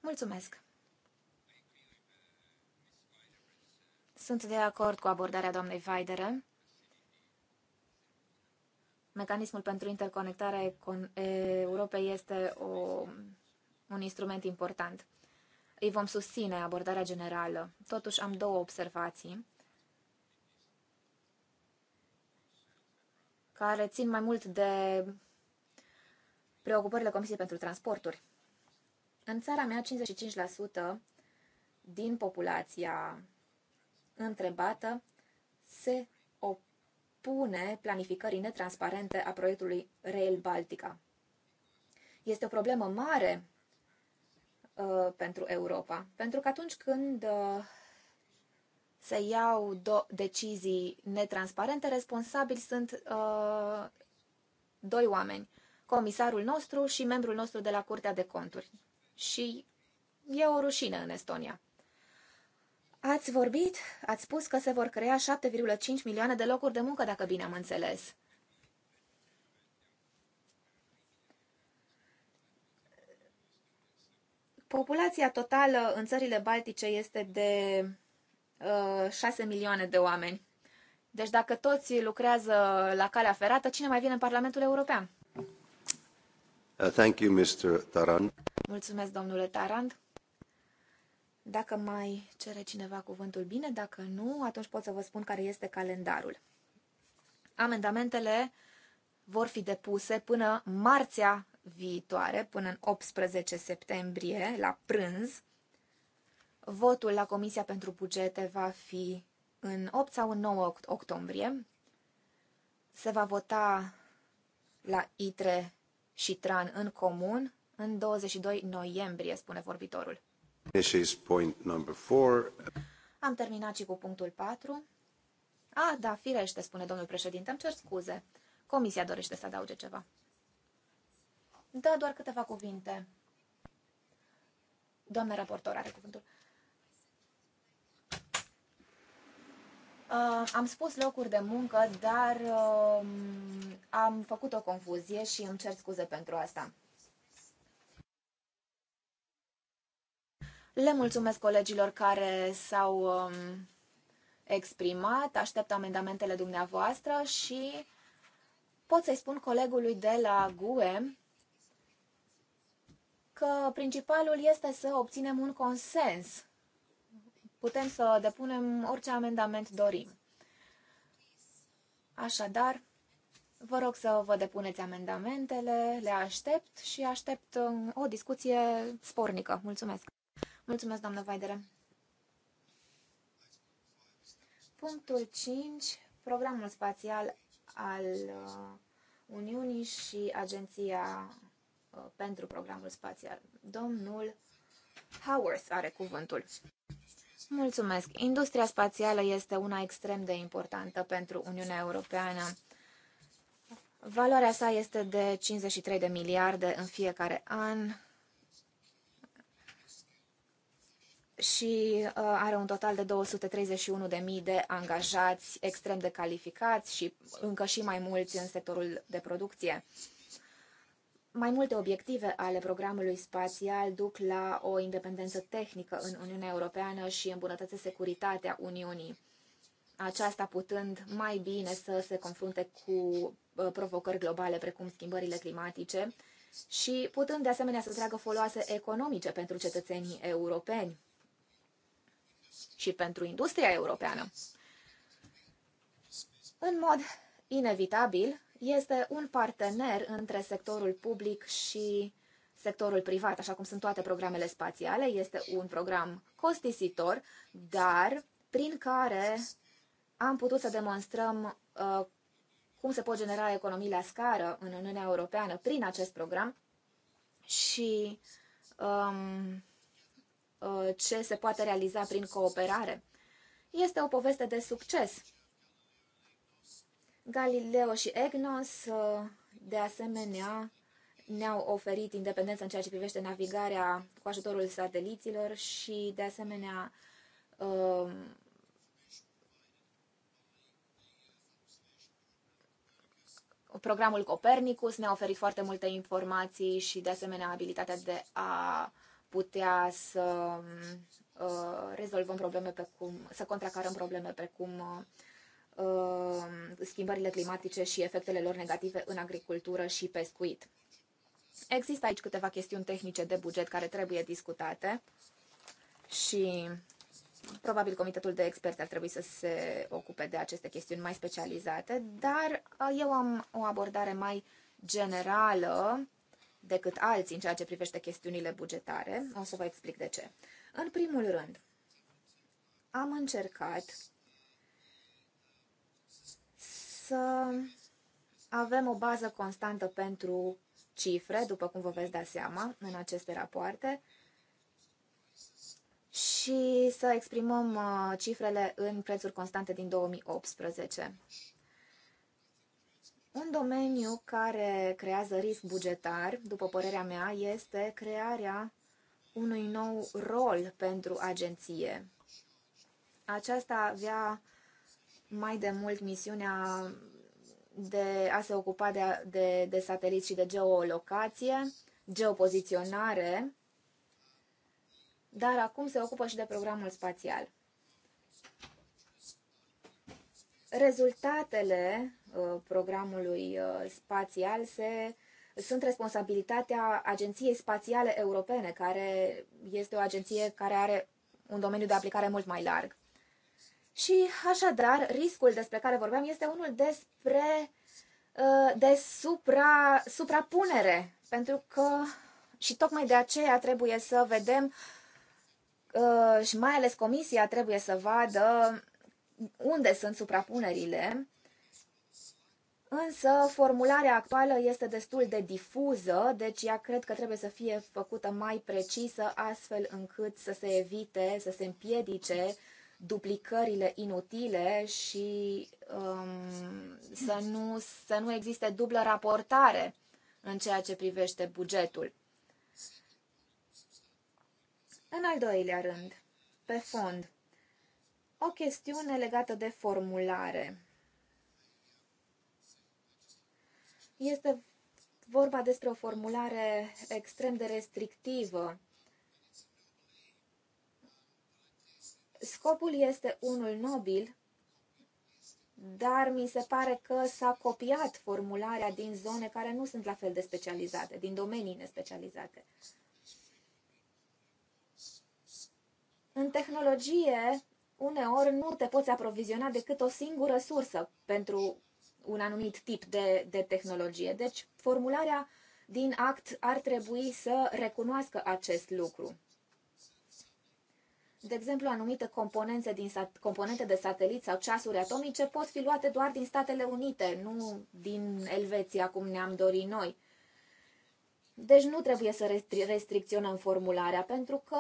Mulțumesc! Sunt de acord cu abordarea doamnei Weidere. Mecanismul pentru interconectarea Europei este o, un instrument important. Îi vom susține abordarea generală. Totuși am două observații care țin mai mult de preocupările Comisiei pentru Transporturi. În țara mea, 55% din populația întrebată se opune planificării netransparente a proiectului Rail Baltica. Este o problemă mare uh, pentru Europa, pentru că atunci când uh, se iau do- decizii netransparente, responsabili sunt uh, doi oameni, comisarul nostru și membrul nostru de la Curtea de Conturi. Și e o rușine în Estonia. Ați vorbit, ați spus că se vor crea 7,5 milioane de locuri de muncă, dacă bine am înțeles. Populația totală în țările baltice este de uh, 6 milioane de oameni. Deci dacă toți lucrează la calea ferată, cine mai vine în Parlamentul European? Uh, thank you, Mr. Tarand. Mulțumesc, domnule Tarand. Dacă mai cere cineva cuvântul bine, dacă nu, atunci pot să vă spun care este calendarul. Amendamentele vor fi depuse până marțea viitoare, până în 18 septembrie, la prânz. Votul la Comisia pentru Bugete va fi în 8 sau în 9 octombrie. Se va vota la ITRE și TRAN în comun în 22 noiembrie, spune vorbitorul. Point number four. Am terminat și cu punctul 4. A, da, firește, spune domnul președinte, îmi cer scuze. Comisia dorește să adauge ceva. Da, doar câteva cuvinte. Doamna raportor are cuvântul. Uh, am spus locuri de muncă, dar uh, am făcut o confuzie și îmi cer scuze pentru asta. Le mulțumesc colegilor care s-au um, exprimat, aștept amendamentele dumneavoastră și pot să-i spun colegului de la GUE că principalul este să obținem un consens. Putem să depunem orice amendament dorim. Așadar, vă rog să vă depuneți amendamentele, le aștept și aștept um, o discuție spornică. Mulțumesc! Mulțumesc, doamnă Vaidere. Punctul 5. Programul spațial al uh, Uniunii și Agenția uh, pentru Programul Spațial. Domnul Howarth are cuvântul. Mulțumesc. Industria spațială este una extrem de importantă pentru Uniunea Europeană. Valoarea sa este de 53 de miliarde în fiecare an și uh, are un total de 231.000 de angajați extrem de calificați și încă și mai mulți în sectorul de producție. Mai multe obiective ale programului spațial duc la o independență tehnică în Uniunea Europeană și îmbunătățesc securitatea Uniunii. Aceasta putând mai bine să se confrunte cu uh, provocări globale precum schimbările climatice și putând de asemenea să tragă foloase economice pentru cetățenii europeni și pentru industria europeană. În mod inevitabil, este un partener între sectorul public și sectorul privat, așa cum sunt toate programele spațiale. Este un program costisitor, dar prin care am putut să demonstrăm uh, cum se pot genera economii la scară în Uniunea Europeană prin acest program și um, Uh, ce se poate realiza prin cooperare. Este o poveste de succes. Galileo și Egnos, uh, de asemenea, ne-au oferit independență în ceea ce privește navigarea cu ajutorul sateliților și, de asemenea, uh, programul Copernicus ne-a oferit foarte multe informații și, de asemenea, abilitatea de a putea să uh, rezolvăm probleme pe cum, să contracarăm probleme precum uh, schimbările climatice și efectele lor negative în agricultură și pescuit. Există aici câteva chestiuni tehnice de buget care trebuie discutate și probabil comitetul de experți ar trebui să se ocupe de aceste chestiuni mai specializate, dar uh, eu am o abordare mai generală decât alții în ceea ce privește chestiunile bugetare. O să vă explic de ce. În primul rând, am încercat să avem o bază constantă pentru cifre, după cum vă veți da seama în aceste rapoarte, și să exprimăm uh, cifrele în prețuri constante din 2018. Un domeniu care creează risc bugetar, după părerea mea, este crearea unui nou rol pentru agenție. Aceasta avea mai de mult misiunea de a se ocupa de, de, de sateliți și de geolocație, geopoziționare, dar acum se ocupă și de programul spațial. Rezultatele uh, programului uh, spațial se, sunt responsabilitatea Agenției Spațiale Europene, care este o agenție care are un domeniu de aplicare mult mai larg. Și așadar, riscul despre care vorbeam este unul despre uh, de supra, suprapunere, pentru că și tocmai de aceea trebuie să vedem și mai ales comisia trebuie să vadă unde sunt suprapunerile, însă formularea actuală este destul de difuză, deci ea cred că trebuie să fie făcută mai precisă, astfel încât să se evite, să se împiedice duplicările inutile și um, să, nu, să nu existe dublă raportare în ceea ce privește bugetul. În al doilea rând, pe fond, o chestiune legată de formulare. Este vorba despre o formulare extrem de restrictivă. Scopul este unul nobil, dar mi se pare că s-a copiat formularea din zone care nu sunt la fel de specializate, din domenii nespecializate. În tehnologie, uneori nu te poți aproviziona decât o singură sursă pentru un anumit tip de, de tehnologie. Deci, formularea din act ar trebui să recunoască acest lucru. De exemplu, anumite componente, din sat- componente de satelit sau ceasuri atomice pot fi luate doar din Statele Unite, nu din Elveția, cum ne-am dorit noi. Deci nu trebuie să restricționăm formularea, pentru că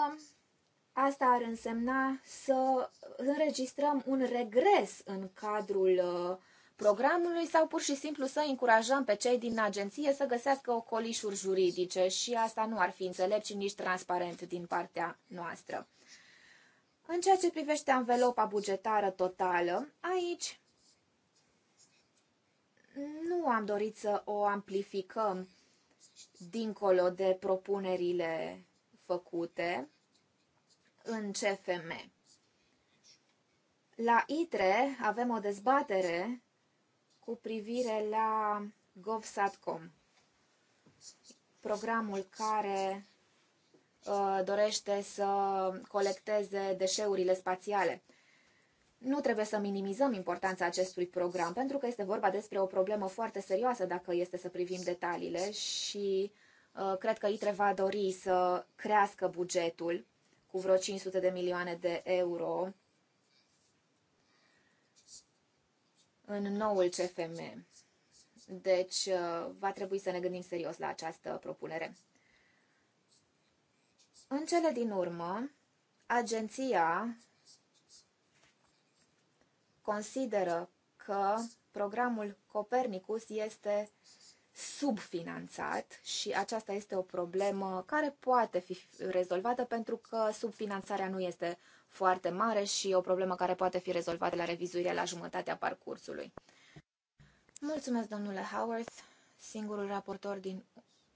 Asta ar însemna să înregistrăm un regres în cadrul uh, programului sau pur și simplu să încurajăm pe cei din agenție să găsească ocolișuri juridice și asta nu ar fi înțelept și nici transparent din partea noastră. În ceea ce privește anvelopa bugetară totală, aici nu am dorit să o amplificăm dincolo de propunerile făcute în CFM. La ITRE avem o dezbatere cu privire la GovSatcom, programul care uh, dorește să colecteze deșeurile spațiale. Nu trebuie să minimizăm importanța acestui program, pentru că este vorba despre o problemă foarte serioasă dacă este să privim detaliile și uh, cred că ITRE va dori să crească bugetul cu vreo 500 de milioane de euro în noul CFM. Deci uh, va trebui să ne gândim serios la această propunere. În cele din urmă, agenția consideră că programul Copernicus este subfinanțat și aceasta este o problemă care poate fi rezolvată pentru că subfinanțarea nu este foarte mare și o problemă care poate fi rezolvată la revizuire la jumătatea parcursului. Mulțumesc, domnule Howard. Singurul raportor din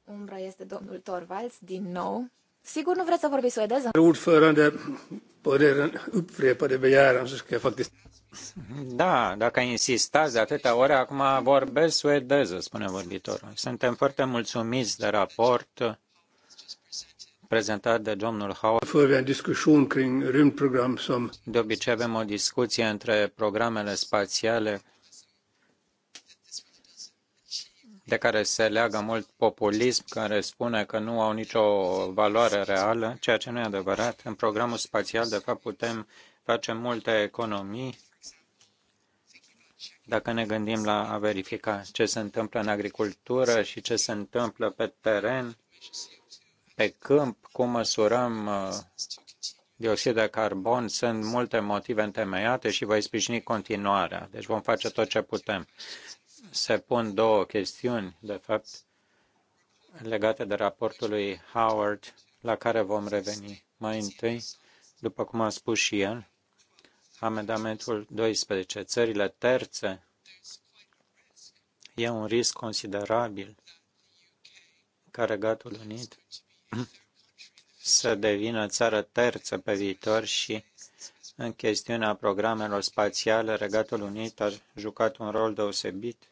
umbră este domnul Torvalds, din nou. Sigur nu vreți să vorbiți suedeză? Ordförande, upprepade begäran så ska jag faktiskt... Da, dacă insistați de atâtea ore, acum vorbesc suedeză, spune vorbitorul. Suntem foarte mulțumiți de raport prezentat de domnul Howard. De obicei avem o discuție între programele spațiale de care se leagă mult populism care spune că nu au nicio valoare reală, ceea ce nu e adevărat. În programul spațial, de fapt, putem face multe economii dacă ne gândim la a verifica ce se întâmplă în agricultură și ce se întâmplă pe teren, pe câmp, cum măsurăm uh, dioxid de carbon, sunt multe motive întemeiate și voi sprijini continuarea. Deci vom face tot ce putem. Se pun două chestiuni, de fapt, legate de raportul lui Howard, la care vom reveni mai întâi, după cum a spus și el. Amendamentul 12. Țările terțe e un risc considerabil ca Regatul Unit să devină țară terță pe viitor și în chestiunea programelor spațiale, Regatul Unit a jucat un rol deosebit.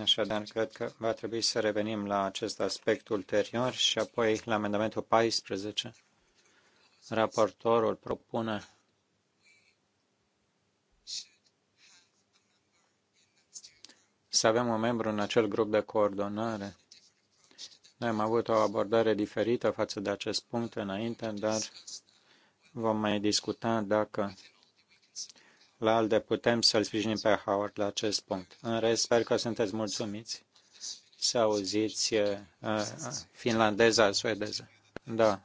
Așadar, cred că va trebui să revenim la acest aspect ulterior și apoi la amendamentul 14. Raportorul propune să avem un membru în acel grup de coordonare. Noi am avut o abordare diferită față de acest punct înainte, dar vom mai discuta dacă la ALDE putem să-l sprijinim pe Howard la acest punct. În rest, sper că sunteți mulțumiți să auziți uh, uh finlandeza, suedeză. Da.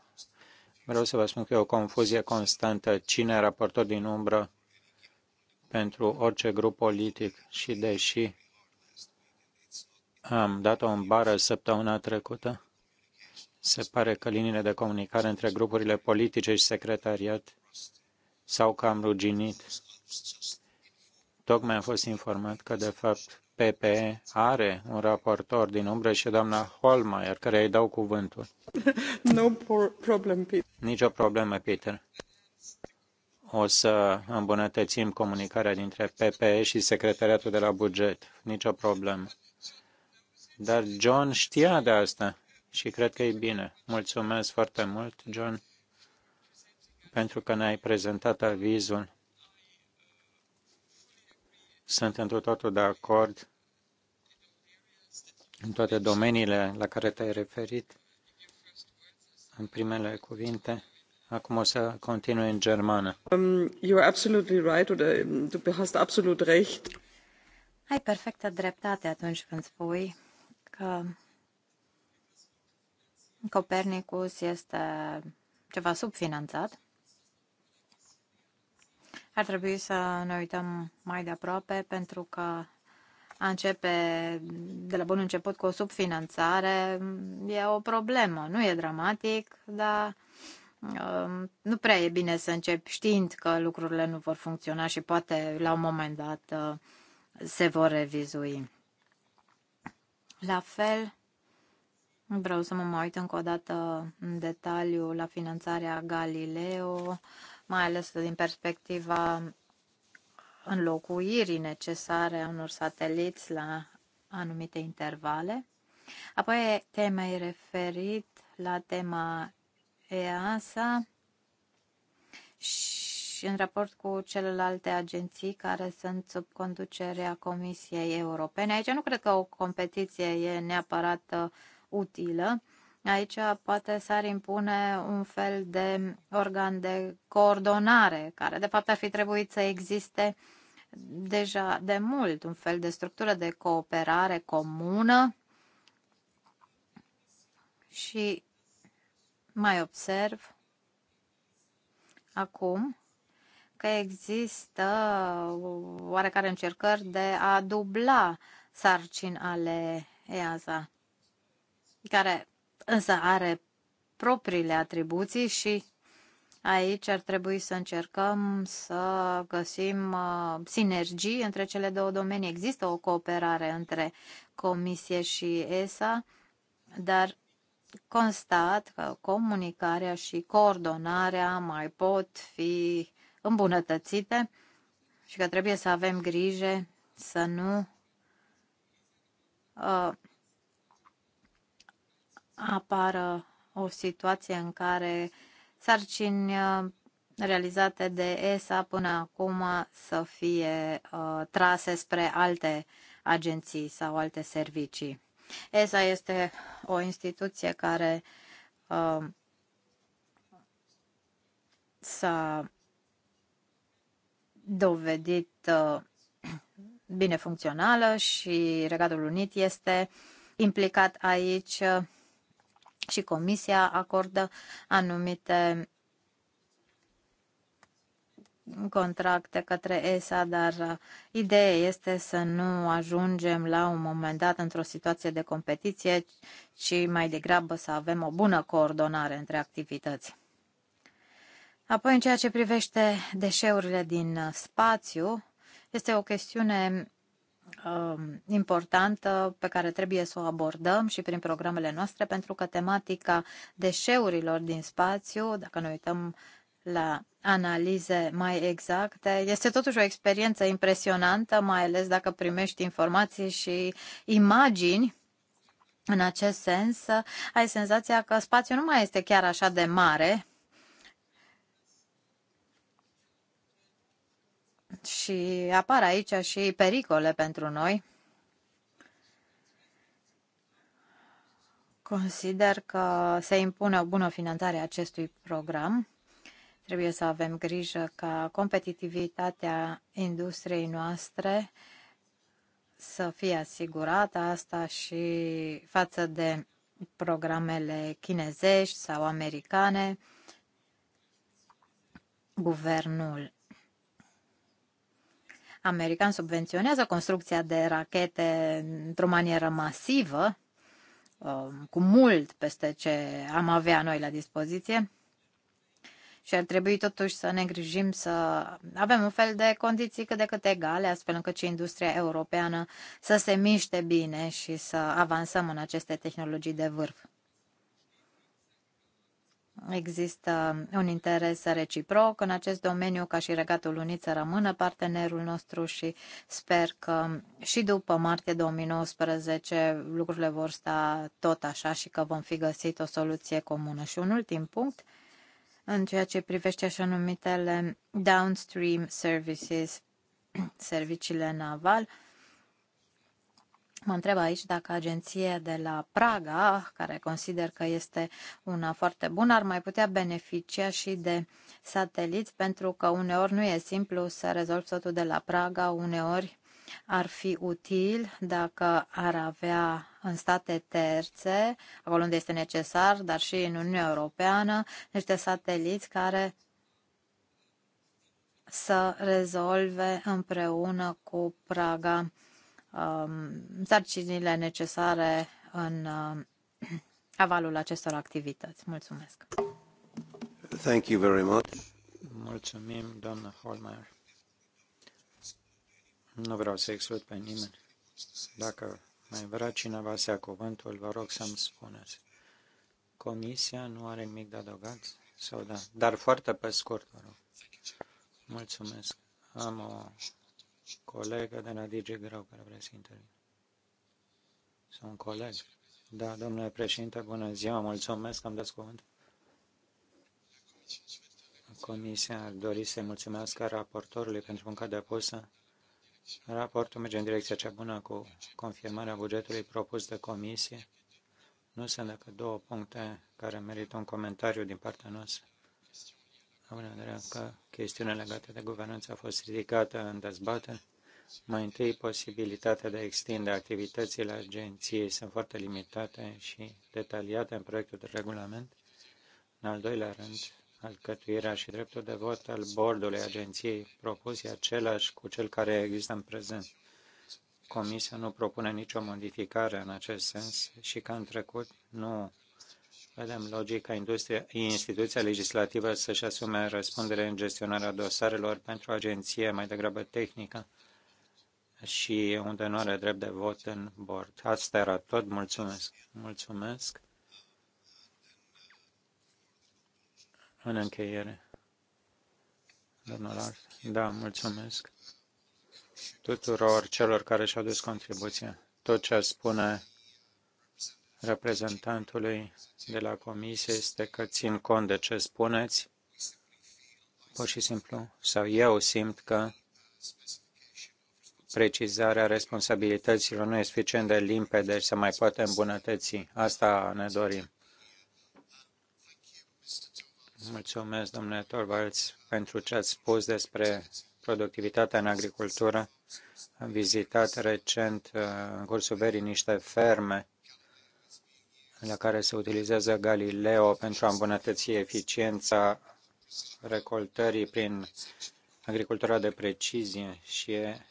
Vreau să vă spun că e o confuzie constantă. Cine e raportor din umbră pentru orice grup politic și deși am dat-o în bară săptămâna trecută. Se pare că liniile de comunicare între grupurile politice și secretariat s-au cam ruginit. Tocmai am fost informat că, de fapt, PPE are un raportor din umbră și doamna Holmeier, care îi dau cuvântul. No problem, Peter. Nicio problemă, Peter. O să îmbunătățim comunicarea dintre PPE și secretariatul de la buget. Nicio problemă. Dar John știa de asta și cred că e bine. Mulțumesc foarte mult, John, pentru că ne-ai prezentat avizul. Sunt într totul de acord în toate domeniile la care te-ai referit în primele cuvinte. Acum o să continui în germană. Um, you are absolutely right, oder du mm, hast absolut recht. Ai perfectă dreptate atunci când spui că Copernicus este ceva subfinanțat. Ar trebui să ne uităm mai de aproape pentru că a începe de la bun început cu o subfinanțare e o problemă. Nu e dramatic, dar um, nu prea e bine să începi știind că lucrurile nu vor funcționa și poate la un moment dat uh, se vor revizui. La fel, vreau să mă mai uit încă o dată în detaliu la finanțarea Galileo, mai ales din perspectiva înlocuirii necesare a unor sateliți la anumite intervale. Apoi te mai referit la tema EASA și și în raport cu celelalte agenții care sunt sub conducerea Comisiei Europene. Aici nu cred că o competiție e neapărat uh, utilă. Aici poate s-ar impune un fel de organ de coordonare, care de fapt ar fi trebuit să existe deja de mult, un fel de structură de cooperare comună. Și mai observ acum că există uh, oarecare încercări de a dubla sarcin ale EASA, care însă are propriile atribuții și aici ar trebui să încercăm să găsim uh, sinergii între cele două domenii. Există o cooperare între Comisie și ESA, dar constat că comunicarea și coordonarea mai pot fi îmbunătățite și că trebuie să avem grijă să nu uh, apară o situație în care sarcini uh, realizate de ESA până acum să fie uh, trase spre alte agenții sau alte servicii. ESA este o instituție care uh, s-a dovedit uh, bine funcțională și Regatul Unit este implicat aici uh, și Comisia acordă anumite contracte către ESA, dar uh, ideea este să nu ajungem la un moment dat într-o situație de competiție, ci mai degrabă să avem o bună coordonare între activități. Apoi, în ceea ce privește deșeurile din uh, spațiu, este o chestiune um, importantă pe care trebuie să o abordăm și prin programele noastre, pentru că tematica deșeurilor din spațiu, dacă ne uităm la analize mai exacte, este totuși o experiență impresionantă, mai ales dacă primești informații și imagini în acest sens, ai senzația că spațiul nu mai este chiar așa de mare, și apar aici și pericole pentru noi. Consider că se impune o bună finanțare a acestui program. Trebuie să avem grijă ca competitivitatea industriei noastre să fie asigurată asta și față de programele chinezești sau americane. Guvernul american subvenționează construcția de rachete într-o manieră masivă, um, cu mult peste ce am avea noi la dispoziție. Și ar trebui totuși să ne îngrijim să avem un fel de condiții cât de cât egale, astfel încât și industria europeană să se miște bine și să avansăm în aceste tehnologii de vârf. Există un interes reciproc în acest domeniu ca și Regatul Unit să rămână partenerul nostru și sper că și după martie 2019 lucrurile vor sta tot așa și că vom fi găsit o soluție comună. Și un ultim punct în ceea ce privește așa numitele downstream services, serviciile naval. Mă întreb aici dacă agenția de la Praga, care consider că este una foarte bună, ar mai putea beneficia și de sateliți, pentru că uneori nu e simplu să rezolvi totul de la Praga, uneori ar fi util dacă ar avea în state terțe, acolo unde este necesar, dar și în Uniunea Europeană, niște sateliți care să rezolve împreună cu Praga Um, sarcinile necesare în um, avalul acestor activități. Mulțumesc! Thank you very much. Mulțumim, doamna Holmeier. Nu vreau să exclud pe nimeni. Dacă mai vrea cineva să ia cuvântul, vă rog să-mi spuneți. Comisia nu are nimic de adăugat? Sau da? Dar foarte pe scurt, vă rog. Mulțumesc. Am o colegă de la DG Grau care vrea să intervină. coleg. Da, domnule președinte, bună ziua, mulțumesc că am dat cuvânt. Comisia ar dori să-i mulțumesc raportorului pentru munca depusă. Raportul merge în direcția cea bună cu confirmarea bugetului propus de comisie. Nu sunt decât două puncte care merită un comentariu din partea noastră având în vedere că chestiunea legată de guvernanță a fost ridicată în dezbatere. Mai întâi, posibilitatea de a extinde activitățile agenției sunt foarte limitate și detaliate în proiectul de regulament. În al doilea rând, alcătuirea și dreptul de vot al bordului agenției propus e același cu cel care există în prezent. Comisia nu propune nicio modificare în acest sens și, ca în trecut, nu Vedem logica instituția legislativă să-și asume răspundere în gestionarea dosarelor pentru agenție mai degrabă tehnică și unde nu are drept de vot în bord. Asta era tot. Mulțumesc. Mulțumesc. În încheiere. Domnul Arf. Da, mulțumesc tuturor celor care și-au dus contribuția. Tot ce spune reprezentantului de la comisie este că țin cont de ce spuneți. Pur și simplu, sau eu simt că precizarea responsabilităților nu e suficient de limpede și se mai poate îmbunătăți. Asta ne dorim. Mulțumesc, domnule Torvalds, pentru ce ați spus despre productivitatea în agricultură. Am vizitat recent, uh, în cursul verii, niște ferme la care se utilizează Galileo pentru a îmbunătăți eficiența recoltării prin agricultura de precizie și e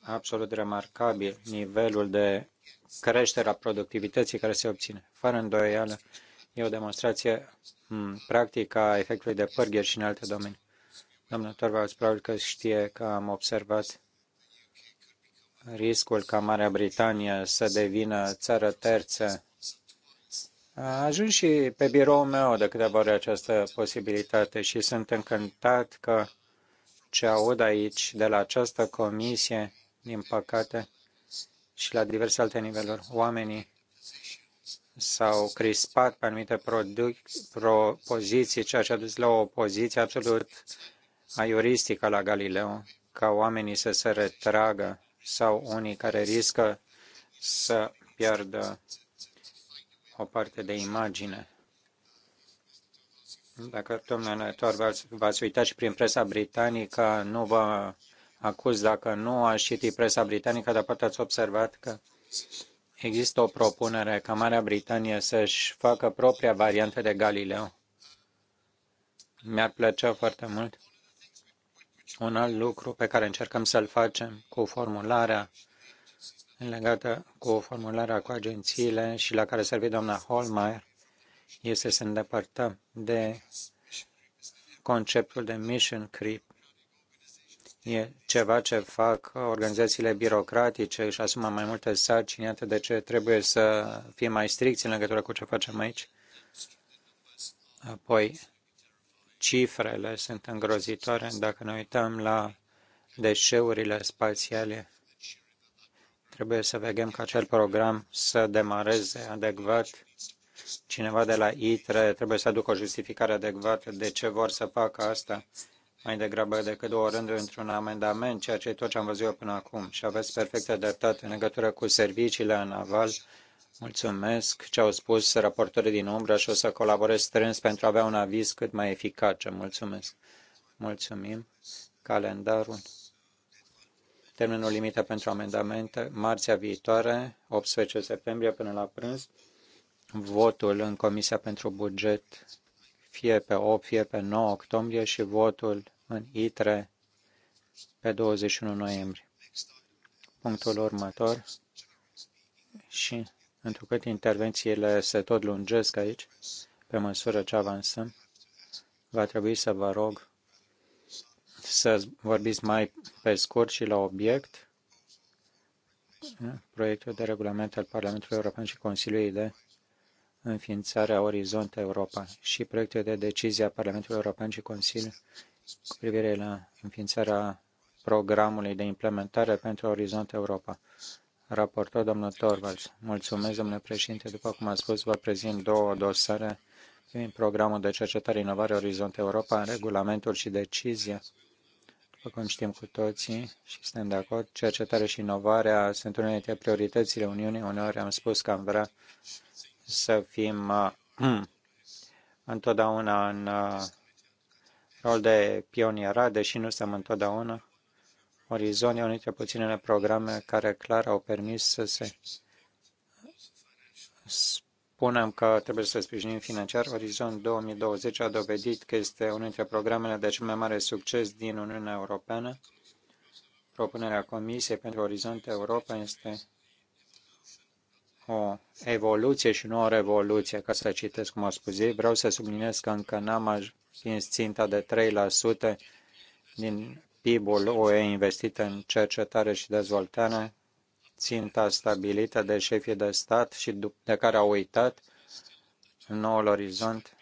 absolut remarcabil nivelul de creștere a productivității care se obține. Fără îndoială, e o demonstrație practică a efectului de pârgheri și în alte domenii. Domnul Torvalds probabil că știe că am observat riscul ca Marea Britanie să devină țară terță a ajuns și pe biroul meu de câteva ori această posibilitate și sunt încântat că ce aud aici de la această comisie, din păcate, și la diverse alte niveluri, oamenii s-au crispat pe anumite propoziții, ceea ce a dus la o poziție absolut aiuristică la Galileu, ca oamenii să se retragă sau unii care riscă să pierdă o parte de imagine. Dacă domnule Toar, v-ați uitat și prin presa britanică, nu vă acuz dacă nu ați citit presa britanică, dar poate ați observat că există o propunere ca Marea Britanie să-și facă propria variantă de Galileo. Mi-ar plăcea foarte mult. Un alt lucru pe care încercăm să-l facem cu formularea legată cu formularea cu agențiile și la care s doamna Holmeier este să îndepărtăm de conceptul de mission creep. E ceva ce fac organizațiile birocratice și asumă mai multe sarcini, atât de ce trebuie să fie mai stricți în legătură cu ce facem aici. Apoi, cifrele sunt îngrozitoare dacă ne uităm la deșeurile spațiale Trebuie să vedem ca acel program să demareze adecvat. Cineva de la ITRE trebuie să aducă o justificare adecvată de ce vor să facă asta mai degrabă decât două rânduri într-un amendament, ceea ce e tot ce am văzut eu până acum. Și aveți perfectă dreptate în legătură cu serviciile în aval. Mulțumesc ce au spus raportorii din umbră și o să colaborez strâns pentru a avea un aviz cât mai eficace. Mulțumesc. Mulțumim. Calendarul Termenul limită pentru amendamente, marțea viitoare, 18 septembrie până la prânz, votul în Comisia pentru Buget fie pe 8, fie pe 9 octombrie și votul în ITRE pe 21 noiembrie. Punctul următor și întrucât intervențiile se tot lungesc aici, pe măsură ce avansăm, va trebui să vă rog să vorbiți mai pe scurt și la obiect. Da? Proiectul de regulament al Parlamentului European și Consiliului de a Orizont Europa și proiectul de decizie a Parlamentului European și Consiliului cu privire la înființarea programului de implementare pentru Orizont Europa. Raportor domnul Torvalds. Mulțumesc, domnule președinte. După cum am spus, vă prezint două dosare prin programul de cercetare inovare Orizont Europa, regulamentul și decizia după cum știm cu toții și suntem de acord, cercetarea și inovarea sunt unele dintre prioritățile Uniunii. Uneori am spus că am vrea să fim uh, întotdeauna în uh, rol de pionierat, deși nu suntem întotdeauna. Orizon e unul dintre puținele programe care clar au permis să se spunem că trebuie să sprijinim financiar, Orizont 2020 a dovedit că este unul dintre programele de cel mai mare succes din Uniunea Europeană. Propunerea Comisiei pentru Orizont Europa este o evoluție și nu o revoluție, ca să citesc cum a spus ei. Vreau să subliniez că încă n-am ajuns ținta de 3% din PIB-ul UE investit în cercetare și dezvoltare ținta stabilită de șefii de stat și de care au uitat în noul orizont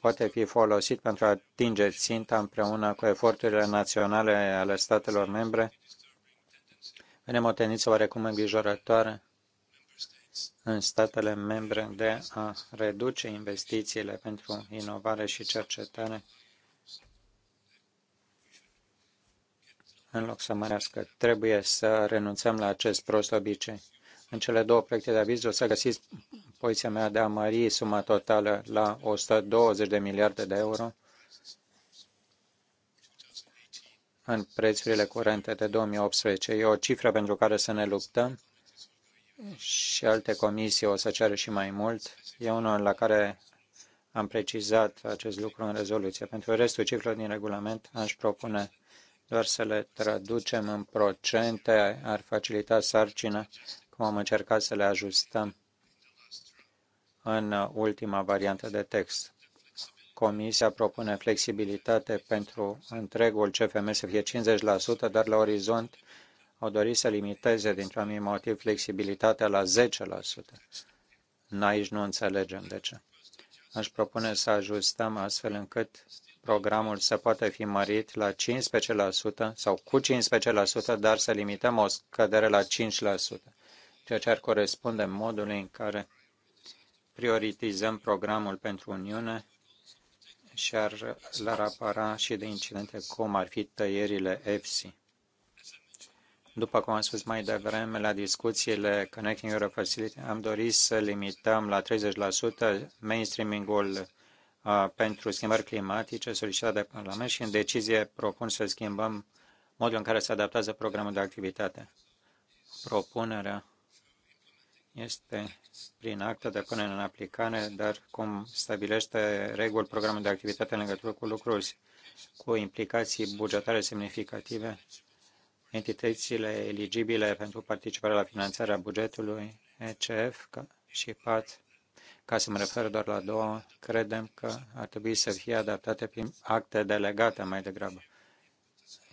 poate fi folosit pentru a atinge ținta împreună cu eforturile naționale ale statelor membre. Venem o tendință oarecum îngrijorătoare în statele membre de a reduce investițiile pentru inovare și cercetare în loc să mărească. Trebuie să renunțăm la acest prost obicei. În cele două proiecte de aviz o să găsiți poziția mea de a mări suma totală la 120 de miliarde de euro în prețurile curente de 2018. E o cifră pentru care să ne luptăm și alte comisii o să ceară și mai mult. E unul la care am precizat acest lucru în rezoluție. Pentru restul cifrelor din regulament aș propune doar să le traducem în procente ar facilita sarcina, cum am încercat să le ajustăm în ultima variantă de text. Comisia propune flexibilitate pentru întregul CFM să fie 50%, dar la orizont au dorit să limiteze dintr-un anumit motiv flexibilitatea la 10%. N-aici nu înțelegem de ce. Aș propune să ajustăm astfel încât programul să poată fi mărit la 15% sau cu 15%, dar să limităm o scădere la 5%, ceea ce ar corespunde modului în care prioritizăm programul pentru Uniune și ar l-ar apara și de incidente cum ar fi tăierile EFSI. După cum am spus mai devreme, la discuțiile Connecting Europe Facility am dorit să limităm la 30% mainstreaming-ul pentru schimbări climatice solicitat de Parlament și în decizie propun să schimbăm modul în care se adaptează programul de activitate. Propunerea este prin acte de punere în aplicare, dar cum stabilește reguli programul de activitate în legătură cu lucruri cu implicații bugetare semnificative, entitățile eligibile pentru participarea la finanțarea bugetului ECF și PAT ca să mă refer doar la două, credem că ar trebui să fie adaptate prin acte delegate mai degrabă.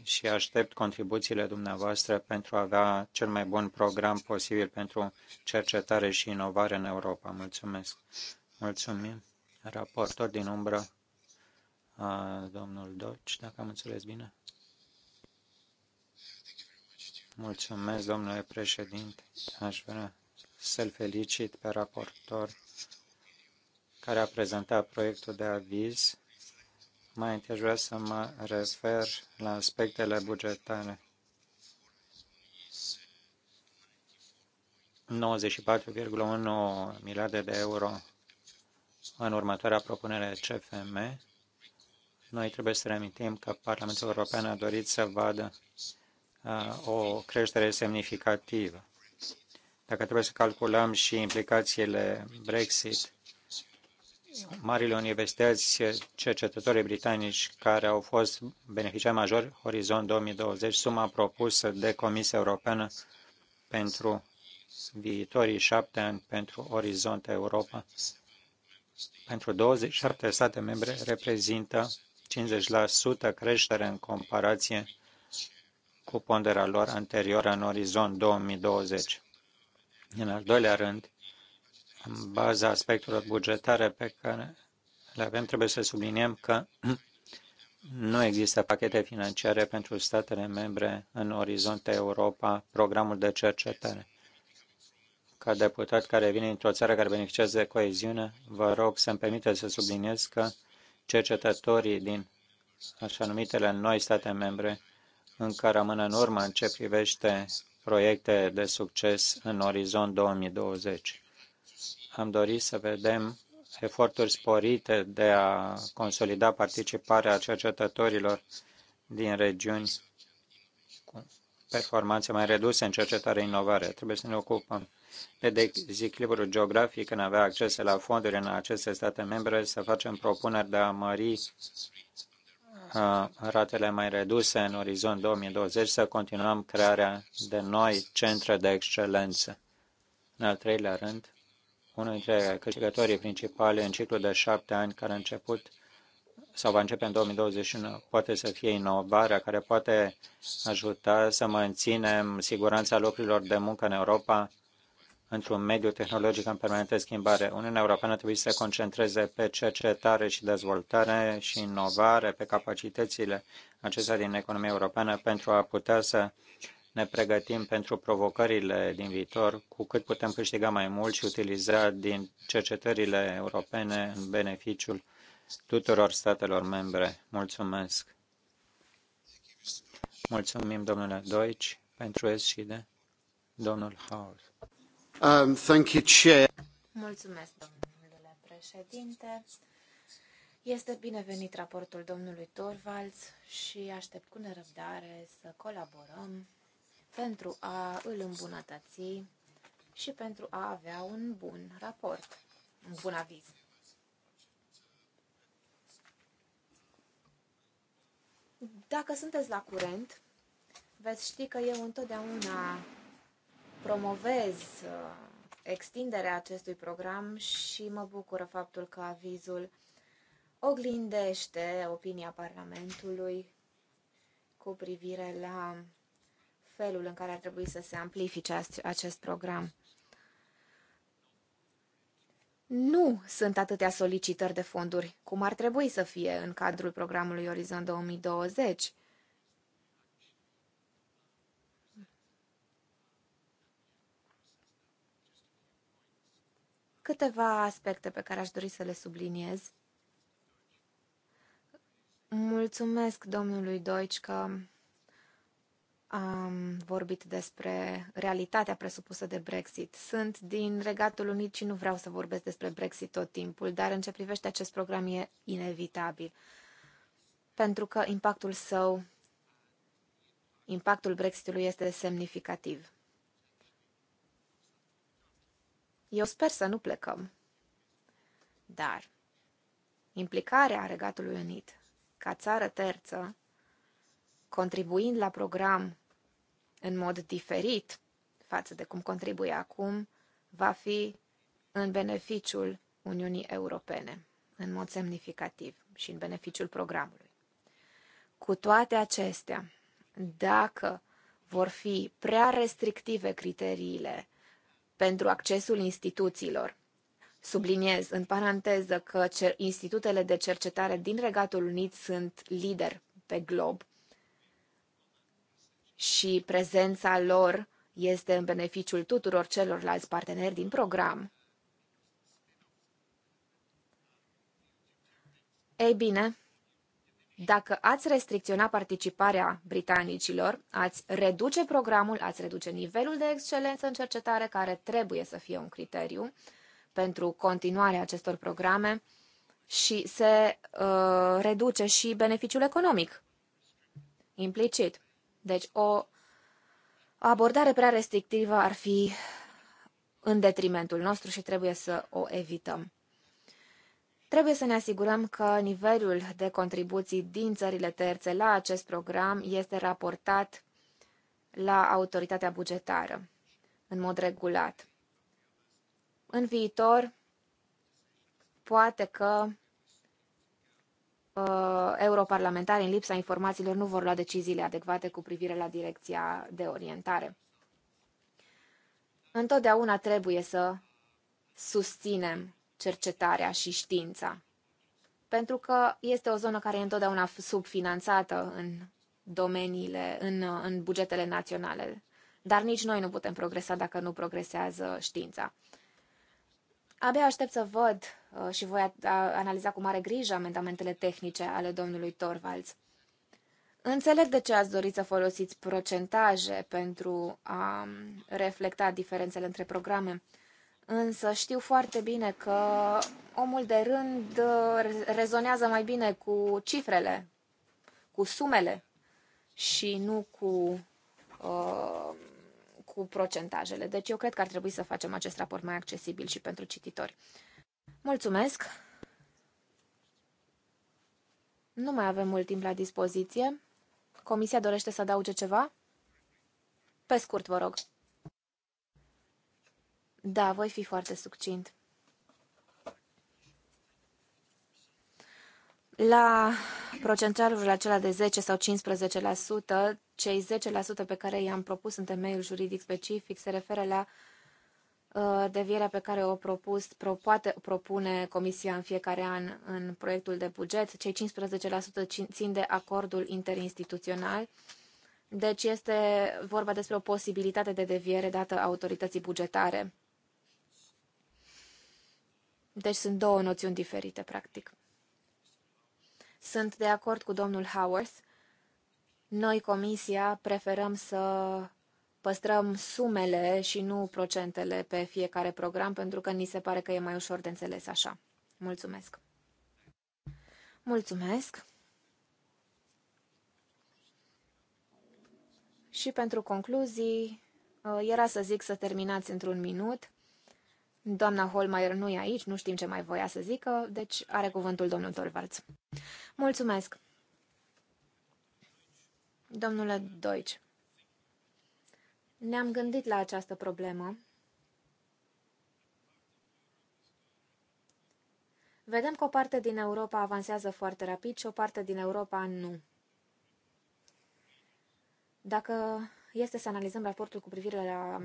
Și aștept contribuțiile dumneavoastră pentru a avea cel mai bun program posibil pentru cercetare și inovare în Europa. Mulțumesc! Mulțumim! Raportor din umbră, a, domnul Doci, dacă am înțeles bine. Mulțumesc, domnule președinte. Aș vrea să-l felicit pe raportor care a prezentat proiectul de aviz. Mai întâi aș vrea să mă refer la aspectele bugetare. 94,1 miliarde de euro în următoarea propunere CFM. Noi trebuie să reamintim că Parlamentul European a dorit să vadă o creștere semnificativă. Dacă trebuie să calculăm și implicațiile Brexit, marile universități, cercetătorii britanici care au fost beneficiari majori, Horizon 2020, suma propusă de Comisia Europeană pentru viitorii șapte ani pentru Orizont Europa, pentru 27 state membre, reprezintă 50% creștere în comparație cu ponderea lor anterioară în Orizont 2020. În al doilea rând, în baza aspectelor bugetare pe care le avem, trebuie să subliniem că nu există pachete financiare pentru statele membre în Orizont Europa, programul de cercetare. Ca deputat care vine dintr-o țară care beneficiază de coeziune, vă rog să-mi permite să subliniez că cercetătorii din așa numitele noi state membre încă rămân în urmă în ce privește proiecte de succes în orizont 2020 am dorit să vedem eforturi sporite de a consolida participarea cercetătorilor din regiuni cu performanțe mai reduse în cercetare inovare. Trebuie să ne ocupăm de dezechilibru geografic în a avea acces la fonduri în aceste state membre, să facem propuneri de a mări ratele mai reduse în orizont 2020, să continuăm crearea de noi centre de excelență. În al treilea rând, unul dintre câștigătorii principale în ciclul de șapte ani care a început sau va începe în 2021, poate să fie inovarea care poate ajuta să menținem siguranța locurilor de muncă în Europa într-un mediu tehnologic în permanentă schimbare. Uniunea Europeană trebuie să se concentreze pe cercetare și dezvoltare și inovare, pe capacitățile acestea din economia europeană pentru a putea să ne pregătim pentru provocările din viitor, cu cât putem câștiga mai mult și utiliza din cercetările europene în beneficiul tuturor statelor membre. Mulțumesc! Mulțumim, domnule Deutsch, pentru S și de domnul Howard. Um, thank you, Chair. Mulțumesc, domnule președinte. Este binevenit raportul domnului Torvalds și aștept cu nerăbdare să colaborăm pentru a îl îmbunătăți și pentru a avea un bun raport, un bun aviz. Dacă sunteți la curent, veți ști că eu întotdeauna promovez uh, extinderea acestui program și mă bucură faptul că avizul oglindește opinia Parlamentului cu privire la felul în care ar trebui să se amplifice acest program. Nu sunt atâtea solicitări de fonduri cum ar trebui să fie în cadrul programului Orizont 2020. Câteva aspecte pe care aș dori să le subliniez. Mulțumesc domnului Deutsch că am vorbit despre realitatea presupusă de Brexit. Sunt din Regatul Unit și nu vreau să vorbesc despre Brexit tot timpul, dar în ce privește acest program e inevitabil. Pentru că impactul său, impactul Brexitului este semnificativ. Eu sper să nu plecăm. Dar implicarea Regatului Unit ca țară terță contribuind la program în mod diferit față de cum contribuie acum, va fi în beneficiul Uniunii Europene, în mod semnificativ și în beneficiul programului. Cu toate acestea, dacă vor fi prea restrictive criteriile pentru accesul instituțiilor, subliniez în paranteză că institutele de cercetare din Regatul Unit sunt lider pe glob și prezența lor este în beneficiul tuturor celorlalți parteneri din program. Ei bine, dacă ați restricționa participarea britanicilor, ați reduce programul, ați reduce nivelul de excelență în cercetare, care trebuie să fie un criteriu pentru continuarea acestor programe și se uh, reduce și beneficiul economic implicit. Deci o abordare prea restrictivă ar fi în detrimentul nostru și trebuie să o evităm. Trebuie să ne asigurăm că nivelul de contribuții din țările terțe la acest program este raportat la autoritatea bugetară în mod regulat. În viitor, poate că Uh, europarlamentari, în lipsa informațiilor, nu vor lua deciziile adecvate cu privire la direcția de orientare. Întotdeauna trebuie să susținem cercetarea și știința, pentru că este o zonă care e întotdeauna subfinanțată în domeniile, în, în bugetele naționale. Dar nici noi nu putem progresa dacă nu progresează știința. Abia aștept să văd Uh, și voi analiza cu mare grijă amendamentele tehnice ale domnului Torvalds. Înțeleg de ce ați dorit să folosiți procentaje pentru a um, reflecta diferențele între programe, însă știu foarte bine că omul de rând uh, rezonează mai bine cu cifrele, cu sumele și nu cu, uh, cu procentajele. Deci eu cred că ar trebui să facem acest raport mai accesibil și pentru cititori. Mulțumesc! Nu mai avem mult timp la dispoziție. Comisia dorește să adauge ceva? Pe scurt, vă rog. Da, voi fi foarte succint. La procentajul acela de 10 sau 15%, cei 10% pe care i-am propus în temeiul juridic specific se referă la Uh, devierea pe care o propus, pro, poate propune Comisia în fiecare an în proiectul de buget. Cei 15% țin de acordul interinstituțional. Deci este vorba despre o posibilitate de deviere dată autorității bugetare. Deci sunt două noțiuni diferite, practic. Sunt de acord cu domnul Howarth. Noi, Comisia, preferăm să păstrăm sumele și nu procentele pe fiecare program, pentru că ni se pare că e mai ușor de înțeles așa. Mulțumesc! Mulțumesc! Și pentru concluzii, uh, era să zic să terminați într-un minut. Doamna Holmeier nu e aici, nu știm ce mai voia să zică, deci are cuvântul domnul Torvalds. Mulțumesc! Domnule Deutsch, ne-am gândit la această problemă. Vedem că o parte din Europa avansează foarte rapid și o parte din Europa nu. Dacă este să analizăm raportul cu privire la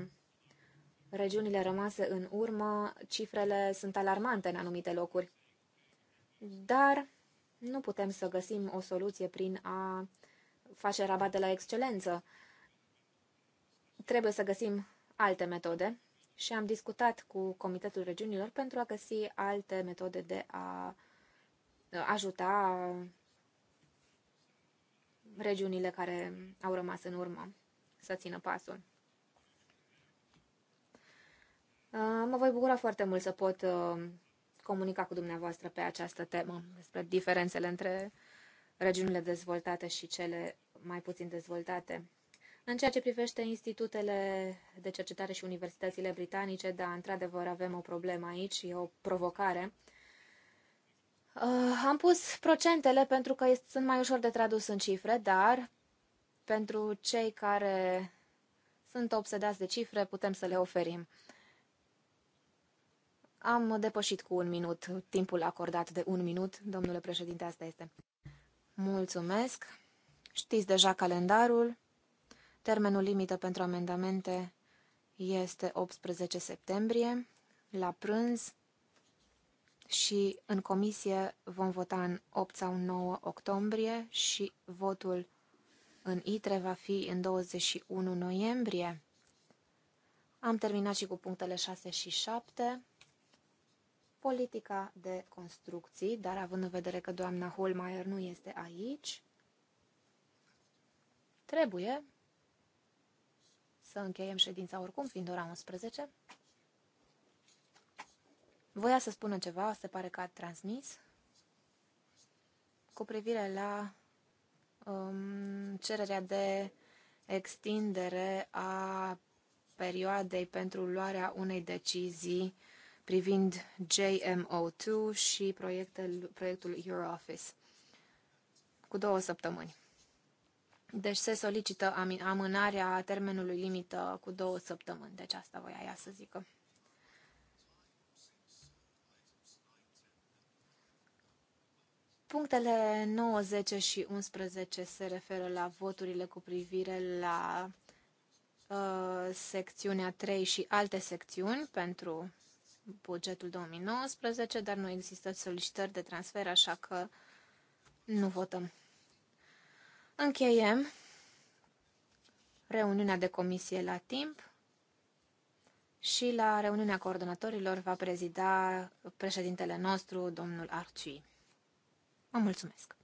regiunile rămase în urmă, cifrele sunt alarmante în anumite locuri. Dar nu putem să găsim o soluție prin a face rabat de la excelență trebuie să găsim alte metode și am discutat cu Comitetul Regiunilor pentru a găsi alte metode de a ajuta regiunile care au rămas în urmă să țină pasul. Mă voi bucura foarte mult să pot comunica cu dumneavoastră pe această temă, despre diferențele între regiunile dezvoltate și cele mai puțin dezvoltate. În ceea ce privește institutele de cercetare și universitățile britanice, da, într-adevăr avem o problemă aici, e o provocare. Uh, am pus procentele pentru că sunt mai ușor de tradus în cifre, dar pentru cei care sunt obsedați de cifre, putem să le oferim. Am depășit cu un minut timpul acordat de un minut, domnule președinte, asta este. Mulțumesc. Știți deja calendarul. Termenul limită pentru amendamente este 18 septembrie, la prânz și în comisie vom vota în 8 sau 9 octombrie și votul în ITRE va fi în 21 noiembrie. Am terminat și cu punctele 6 și 7. Politica de construcții, dar având în vedere că doamna Holmeier nu este aici, trebuie să încheiem ședința oricum, fiind ora 11. Voia să spună ceva, se pare că a transmis, cu privire la um, cererea de extindere a perioadei pentru luarea unei decizii privind JMO2 și proiectul, proiectul Your Office cu două săptămâni. Deci se solicită amânarea termenului limită cu două săptămâni. Deci asta voi aia să zică. Punctele 9, 10 și 11 se referă la voturile cu privire la uh, secțiunea 3 și alte secțiuni pentru bugetul 2019, dar nu există solicitări de transfer, așa că nu votăm. Încheiem reuniunea de comisie la timp și la reuniunea coordonatorilor va prezida președintele nostru, domnul Arcii. Vă mulțumesc!